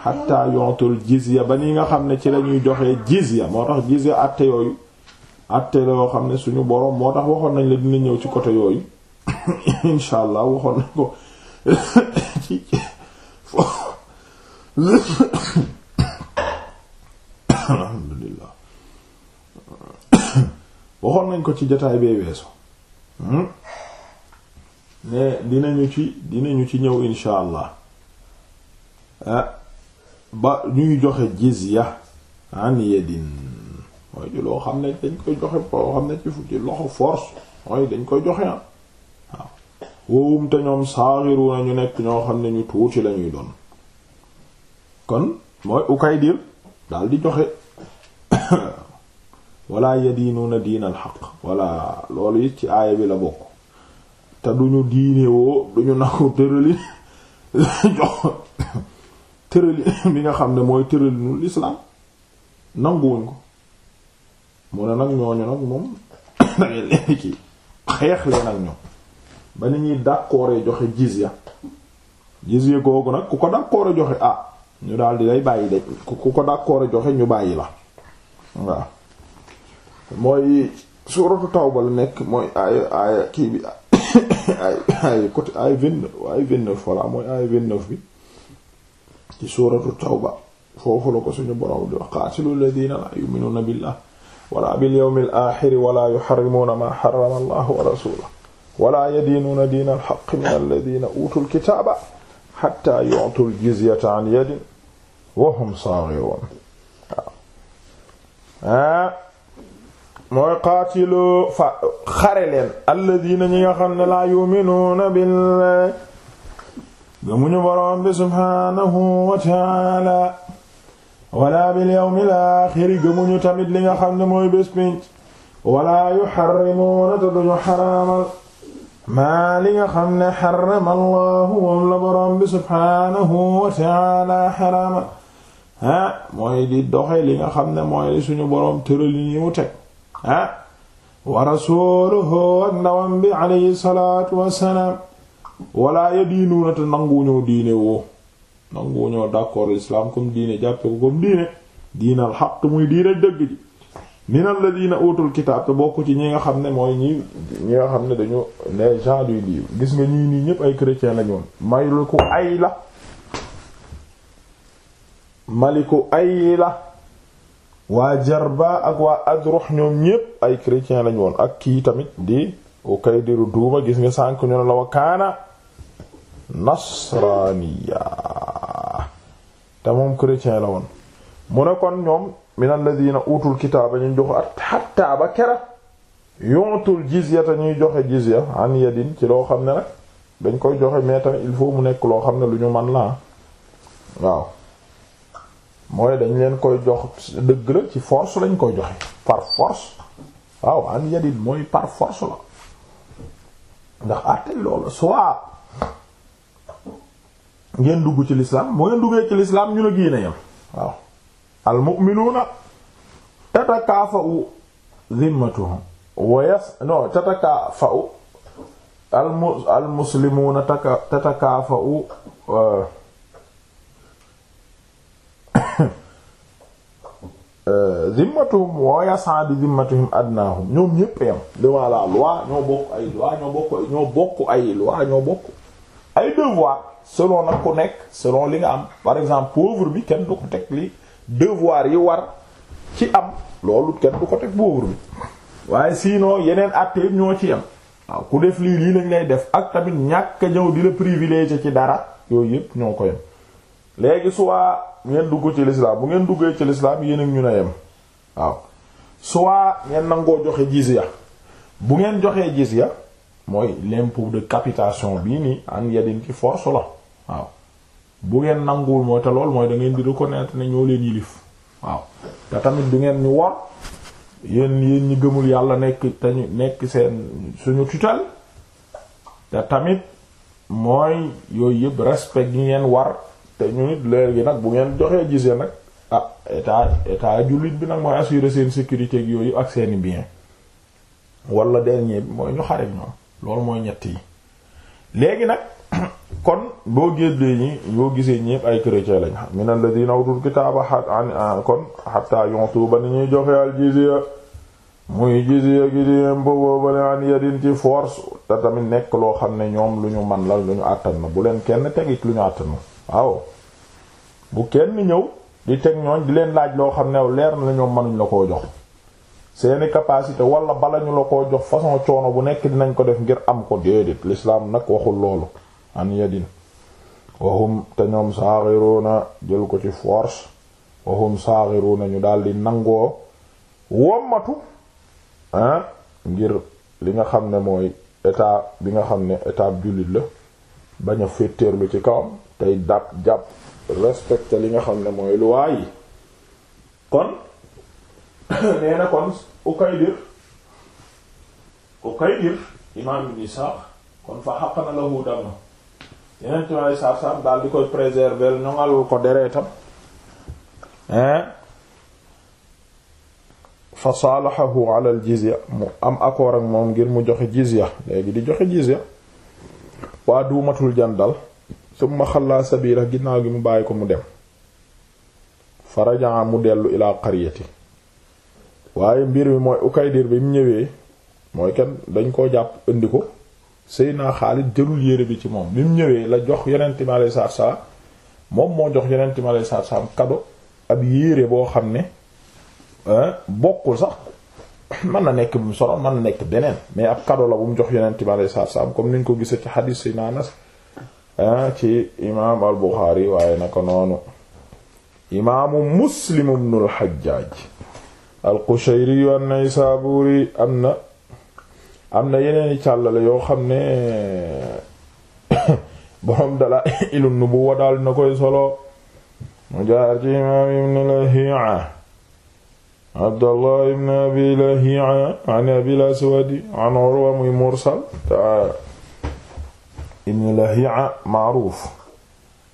xatta yontul jizya ba ni nga xam ne ci lañuy joxe jizya moo tax jizya àtte yooyu àtte la xam ne suñu boroom moo tax waxoon nañ la dina ñëw ci côté yooyu insha allah waxoon nañ nañ ko ci jotaay bee weesu hmm? dinañu ci dinañu ci ñëw insha allah ah ba ñuy joxe jizya an yadin mooy ci loo xam ne dañ koy joxe loo xam ne ci fu ci loxo force mooy dañ koy joxe ah waaw wowum te ñoom saaxiru na nekk ñoo xam ne ñu tuuti lañuy doon kon mooy ukaydir daal di joxe walla wala yadinuuna diinal xaq wala loolu it ci aaya bi la bokk te duñu diine woo duñu nangu tërali jox tërali bi nga xam ne mooy tëralinu lislaam nanguwuñ ko mu ne nag ñooñu nag moom dangay leen kii xeex leen ak ñoom ba ni ñuy dàkkooree joxe jizya jizya googu nag ku ko dàkkooree joxe ah ñu daal di lay bàyyi de ku ko dàkkooree joxe ñu bàyyi la waaw mooy suuratu Tawba la nekk mooy aaya aaya kii bi ay ay côté aaya vingt-neuf aaya vingt-neuf voilà mooy aaya vingt-neuf bi ci suuratu tawba foofu la ko suñu borom di wax qaatilu alladina laa yuminuuna billah wala bil yawmil aaxiri wala yuxarrimuuna maa xarrama allahu wa rasuuluhu wala yadiinuuna diina alxaqqi min alladina uutul kitaaba xatta yu'tul jizyata an yadin wa hum saaxiruun ah mooy qaatilu fa xare leen alladina ñi nga xam ne laa yuminuuna billah gëmuñu boroom bi subhaanahu wa taala wala bil yawmil aaxiri gëmuñu tamit li nga xam ne mooy bés pénc wala yuxarrimuuna te maa li nga xam ne xarama allahu moom la boroom bi subhaanahu wa taala xaraama ah mooy di doxe li nga xam ne mooy li suñu boroom tëral yi mu teg ah wa rasuuluhu ak ndawam bi alayhi salaatu wassalaam walla ya diinuuna te nanguñoo diine woo nanguñoo d'accord l'islam comme diine jàppe ko comme diine diinal xaq muy diine dëgg ji min alladina utul kitaab te bokk ci ñi nga xam ne mooy ñi ñi nga xam ne dañu les gens du gis nga ñii nii ñépp ay chrétiens la ñoon maliku ay la maliku ay la waa jarba ak waa adrox ñoom ñépp ay chrétiens lañu woon ak kii tamit di ukay diru duuma gis nga sànk ñu ne la wa nasraniya te moom chrétien la woon mu ne kon ñoom min alladina utul kitaaba ñu jox at xatta ba kerat yontul jizya te ñuy joxe jizya an yadin ci loo xam ne nag dañ koy joxe mais tamit il faut mu nekk loo xam ne lu ñu man la waaw mooy dañ leen koy jox dëgg la ci force lañ koy joxe par force waaw an yadin mooy par force la ndax àtte loolu soit ngeen dugg ci lislaam mu ngeen duggee ci lislaam ñu la génne yam waaw almu'minuuna tatakaafa'u zimmatuhum zimmatuhum wa yas'a bi adnaahum ñoom ñépp yam devant la loi ñoo bokk ay loi ñoo bokk ñoo bokk ay loi ñoo bokk ay devoir selon nag ku nekk selon li nga am par exemple pauvre bi kenn du ko teg li devoir yi war ci am loolu kenn du ko teg pauvre bi waaye sinon yeneen at yëpp ñoo ci yem waaw ku def lii lii lañ lay def ak tamit ñàkk ñëw di la privilégié ci dara yooyu yëpp ñoo ko yem léegi soit ngeen dugg ci l'islam bu ngeen duggee ci l'islam yéen ak ñu ne yem waaw soit ngeen nangoo joxe gis ya bu ngeen joxee gis ya mooy l'impôt de capitation bii nii an yadin ci force la waaw bu ngeen nanguwul mooy te lool mooy da ngeen di reconnaître ne ñoo leen yilif waaw te tamit du ngeen ñu wor yéen yéen ñi gëmul yàlla nekk te ñu nekk seen suñu tutelle te tamit mooy yooyu yëpp respect yi ngeen war te ñu nit leer gi nag bu ngeen joxee gisee nag ah état état jullit bi nag mooy assurer seen sécurité yooyu ak seeni bien wala dernier bi mooy ñu xarit ñoom loolu mooy ñett yi léegi nag kon boo géddee ñi boo gisee ñépp ay chrétien lañ min alladina utul kitaaba an kon hatta yontu ba ni ñuy joxe al jizya muy jizya gi di impôt boobale an yadin force te tamit nekk loo xam ne ñoom lu ñu man la lu ñu àttan na bu leen kenn tegit lu ñu àttan na waaw bu kenn ñëw di teg ñooñ di leen laaj loo xam ne leer na la ñoom mënuñ la koo jox seeni capacité wala bala ñu la ko jox façon coono bu nekk dinañ ko def ngir am ko déedéet nag waxul loolu an yadin wahum te ñoom saaxiruuna jël ko ci force wahum saaxiruuna ñu daldi nangoo wommatu ah ngir li nga xam ne mooy état bi nga xam ne état jullit la bañ a féeteer lu ci kawam tey dàpp jàpp respecté li nga xam ne mooy luwaa yi kon nee na kon Ukaydir Ukaydir imaam ibn Isaaq kon fa xaqana lahu dama yeneen ci wàllu saabsaab daal di koy préserver ñoŋal ko deretam fa saalahahu ala al jizya mu am accord moom ngir mu joxe ya léegi di joxe jizya waa duumatul jandal summa xallaa sabila ginnaaw gi mu bàyyi ko mu dem fa rajaa mu dellu ilaa qaryati waaye mbir mi mooy ukaydir bi mu ñëwee mooy kenn dañ koo jàpp indi Seydina Xaalid jëlul yére bi ci moom bi mu ñëwee la jox yonent mi alayhi salaatu salaam moom moo jox yonent mi alayhi salaatu salaam kado ab yére boo xam ne bokkul sax mën na nekk bu mu solo mën na nekk beneen mais ab kado la bu mu jox yonent mi alayhi salaatu salaam comme niñ ko gisee ci xadiis Seydina Anas ci imaam al Buxaari waaye naka noonu imaamu Muslim ibnul Hajjaaj al Qushayri an am na am na yeneen i càllale yoo xam ne borom dala ilun nubuwa daal na koy solo mu jaar ci imaam ibn Lahi'a Abdallah ibn Abi Lahi'a an Abil Aswad an Urwa muy mursal ta ibn Lahi'a ma'ruf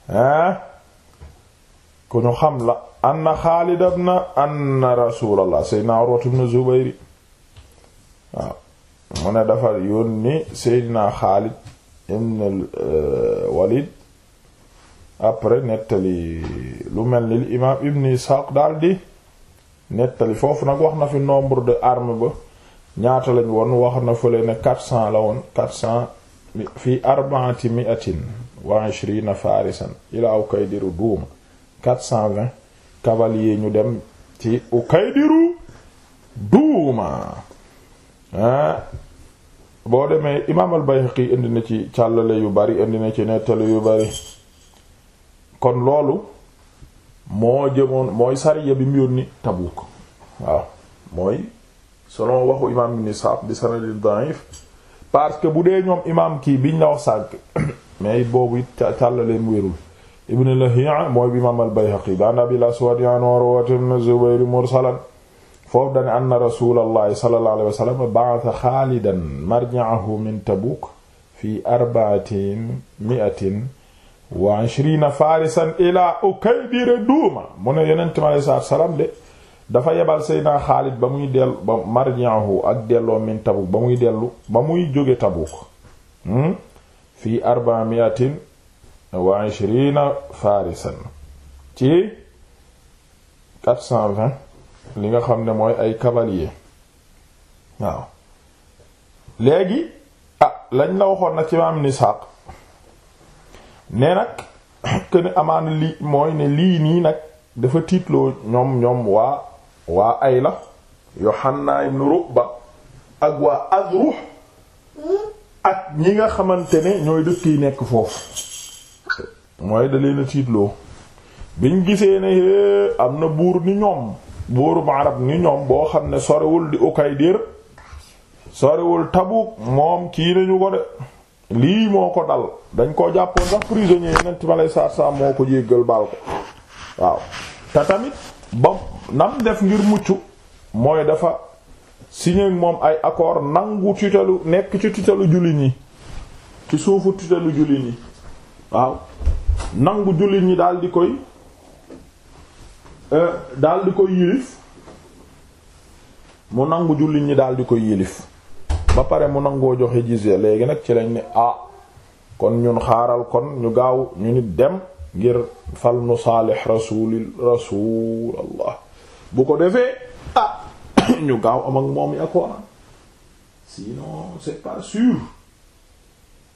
ah ku ñu xam la anna Xaalid ibn anna Rasuulullah sayyidina Urwa ibn Zubayr waaw mu ne dafa yónni Seydina Xaalid ibn euh, Walid après nettali lu mel ni li imaam Ibn Ishaq daldi nettali foofu nag wax na fi nombre de armes ba ñaata lañ woon wax na fële ne 400 la woon 400 fi arba'ati mi'atin wa 'ishrina farisan ila Ukaydiru duuma 420 cavaliers ñu dem ci Ukaydiru duuma Ah. boo demee imaam al-Bayhaqi indi na ci càllale yu bari indi na ci nettali yu bari kon loolu moo jëmoon mooy sariya bi mu ni Tabuk waaw mooy selon waxu imaam Ibn Sa'd bi sanadin da'if parce que bu dee ñoom imaam kii biñ la wax sànk mais boobu it càllaleen wérul Ibn Lahiya mooy bi imaam al-Bayhaqi daan Abil Aswad an Urwa ibn Zubayr mursalan foofu dane anna rasulallahi sallallahu alayhi wa sallam ba'atha xaalidan marji'ahu min tabuuk fi wa farisan ila ukaydira duuma mu ne yonent de dafa yebal seydina xaalid ba muy dellu ba marji'ahu ak delloo min tabuuk ba muy dell ba muy jóge tabuuk hmm? fi arba'a wa farisan ci li nga xam ne mooy ay cavalier waaw léegi a ah, lañ la waxoon nag ci maam ni saq ne nag këni amaana lii mooy ne lii nii nag dafa tiitloo ñoom ñoom waa waa Ayla Yohanna ibn ba ak waa Azruh ak ñi nga xamante ne ñooy dëkk nekk foofu mooy da leen tiitloo biñ gisee ne am na buur ni ñoom buurub arab ni ñoom boo xam ne sorewul di Ukaydir sorewul Tabuk moom kii nañu ko de lii moo ko dal dañ koo jàppoon sax prisonnier yeneen ma lay saar saa moo ko jéggal baal ko waaw te tamit ba nam def ngir mucc mooy dafa signé moom ay accord nangu tutalu nekk ci tutalu jullit yi ci suufu tutalu jullit yi waaw nangu jullit ñi daal di koy Euh, daal di koy yilif mu nangu jullit ñi daal di koy yilif ba pare mu nangoo joxe jizya léegi nag ci lañ ne ah kon ñun xaaral kon ñu gaaw ñu nit dem ngir fal nu saalix rasulil bu ko defee ah ñu gaaw am ak moom yi accord sinon c'est pas sûr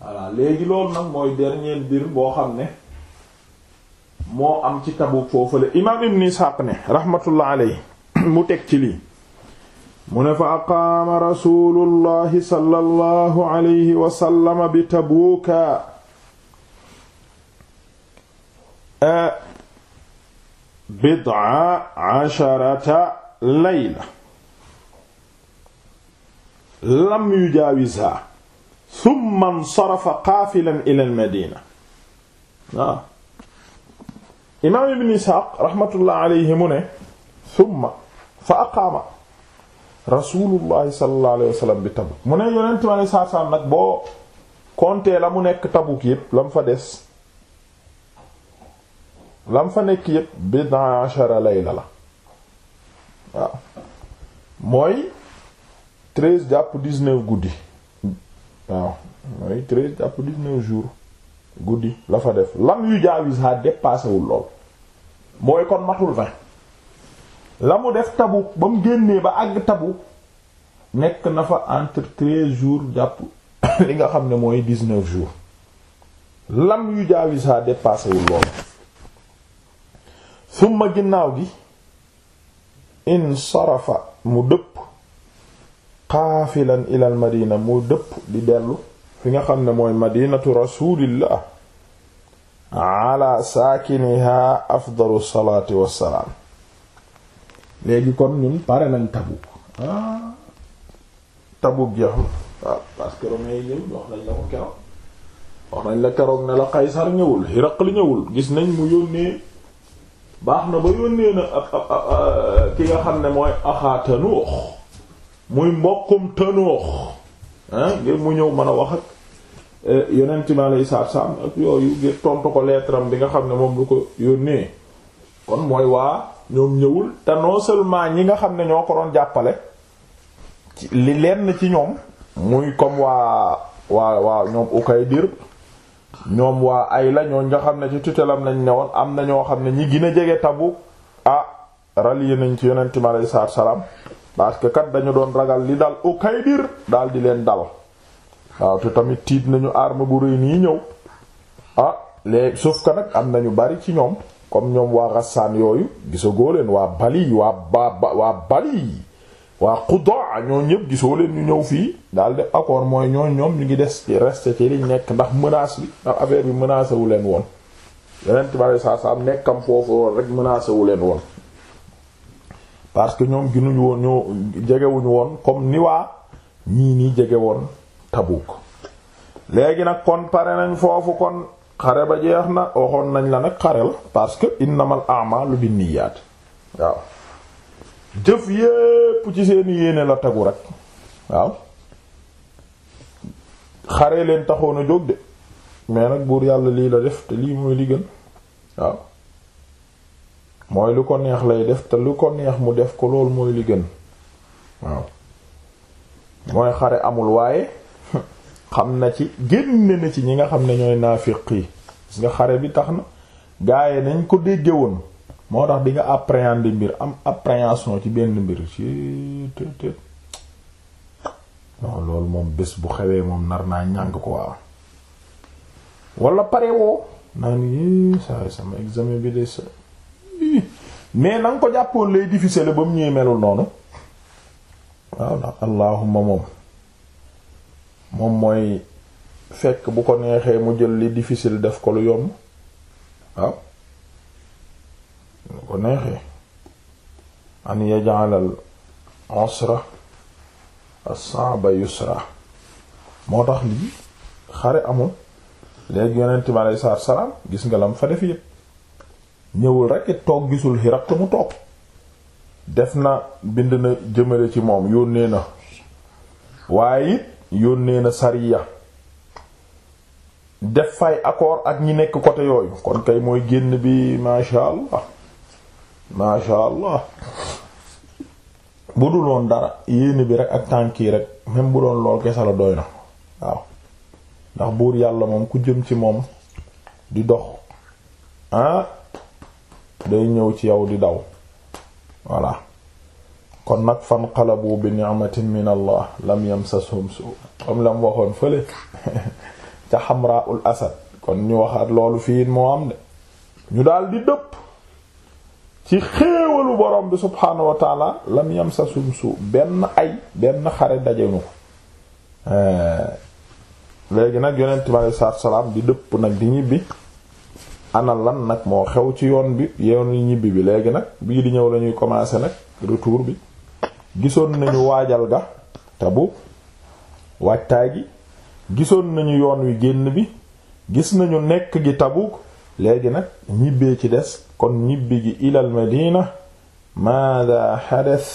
voilà léegi loolu nag mooy dernier mbir boo xam ne moo am ci Tabuk foofale imaam ibn Ishaq ne rahmatullah alayhi mu teg ci lii mu ne fa aqaama rasulullahi sallallahu alayhi wa sallama bi Tabuuka bid'a asharata layla lam yujaawizha thumma insarafa qaafilan ila al-Madina waaw imaam ibn isxaaq raxmatullah alayhi mu ne summa fa aqaama rasulullahi sallallahu alayhi wa bi tabuk mu ne yonent mi alayhi salaatu nag boo compter la mu nekk tabuk yépp la mu fa des la mu fa nekk yépp bid'a ashara layla la waaw mooy traise jàpp dix-neuf guddi waaw mooy treize jàpp dix-neuf jours guddi la fa def lam yu jaawis ha dépassewul lool mooy kon matul vingt la mu def Tabuk ba mu génnee ba àgg Tabuk nekk na fa entre treize jours jàpp li nga xam ne mooy dix-neuf jours lam yu jaawis ha dépassewul lool summa ginnaaw gi insarafa mu dëpp xaafilan ilal madina mu dëpp di dellu fi nga xam ne mooy madinatu rasulillah ala saakiniha afdalu salaati wassalaam léegi kon ñun pare nañ Tabuk ah jeex na waaw ah, parce que romain yi ñëw wax nañ la keroog ne la Qaysar ñëwul Hiraql ñëwul gis nañ mu yónnee baax na ba yónnee na ki nga xam ne mooy axaa Tanuux muy mbokkum Tanuux ah ngir mu ñëw mën a wax ak eh, yonent mi alayhi salaatu salaam ak yooyu ngir tontu ko lettre bi nga xam ne moom du ko yónnee kon mooy waa ñoom ñëwul te non seulement ñi nga xam ne ñoo ko doon jàppale ci li lenn ci ñoom muy comme waa waa waa ñoom Ukaydir ñoom waa ay la ñoo nga xam ne ci tutelam nañ ne woon am na ñoo xam ne ñi gën a jege tabu ah rallié nañ ci yonent mi alayhi salaam parce que kat dañu doon ragal li dal Ukaydir daal di leen dal waaw te tamit tiit nañu arme bu rëy nii ñëw ah léegi sauf ka nag am nañu bari ci ñoom comme ñoom waa Ghassaan yooyu gisagoo leen waa Bali waa ba waa Bali waa Qudaa ñoo ñëpp gisoo leen ñu ñëw fii daal de accord mooy ñoo ñoom ñu ngi des ci rester ci liñ nekk ndax menace bi ndax affaire bi menacé wu leen woon yeneen tubaab yi saa saa nekkam foofu rek menacé wu leen woon. parce que ñoom ginuñu woon ñoo jegewuñu woon comme ni waa ñii nii jege woon Tabuk léegi nag kon pare nañ foofu kon xare ba jeex na waxoon nañ la nag xare la parce que innamal a'malu binniyat waaw jëf yépp ci seen yéene la tegu rek waaw xare leen taxoon a jóg de mais nag buur yàlla lii la def te lii mooy li gën waaw mooy lu ko neex lay def te lu ko neex mu def ko loolu mooy li gën waaw mooy xare amul waaye xam na ci génne na ci ñi nga xam ne ñooy naafiq yi gis nga xare bi tax na gaaye nañ ko dégge woon moo tax di nga appréhender mbir am appréhension ci benn mbir si te te loolu moom bés bu xewee moom nar naa ñàng ko waaw wala pare naan yi saa sama examen bi de sa mais na ko jàppoon lay difficile ba mu ñëwee melul noonu waaw ndax allahuma moom moom mooy fekk bu ko neexee mu jël li difficile def ko lu yomb waaw bu ko neexee an yaj'alal usra as yusra moo tax lii xare amul léegi yonent bi aleyhi salaam gis nga lam fa def yépp ñëwul rek toog gisul xiraq te mu toog def na bind na jëmale ci moom yónnee na waaye it yónnee na sariya def fay accord ak ñi nekk côté yooyu kon kay mooy génn bi masha allah masha allah bu dul woon dara yéene bi rek ak tànk yi rek même bu doon lool kese la doy na waaw ndax buur yàlla moom ku jëm ci moom di dox ah? day ñëw ci yow di daw voilà kon nag fanqalabu bi ni'matin min allah lam yamsashum su comme lam waxoon fële ca xamraul asad kon ñu waxaat loolu fii moo am de ñu daal di dëpp ci xéewalu borom bi subhaanahu wa taala lam yamsashum su benn ay benn xare dajenu ko eh. léegi nag yonent bi alei salaam di dëpp nag di ñibbi ana lan nag moo xew ci yoon bi yoon yi ñibbi bi léegi nag bii di ñëw lañuy commencer nag retour bi gisoon nañu waajal ga Tabuk waajtaay gi gisoon nañu yoon wi génn bi gis nañu nekk gi tabu léegi nag ñibbee ci des kon ñibbi gi ilal Madina maada xades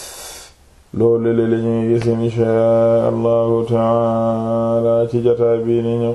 loolu lañuy ñuy gis insha allahu taala ci jotaay bii ni ñëw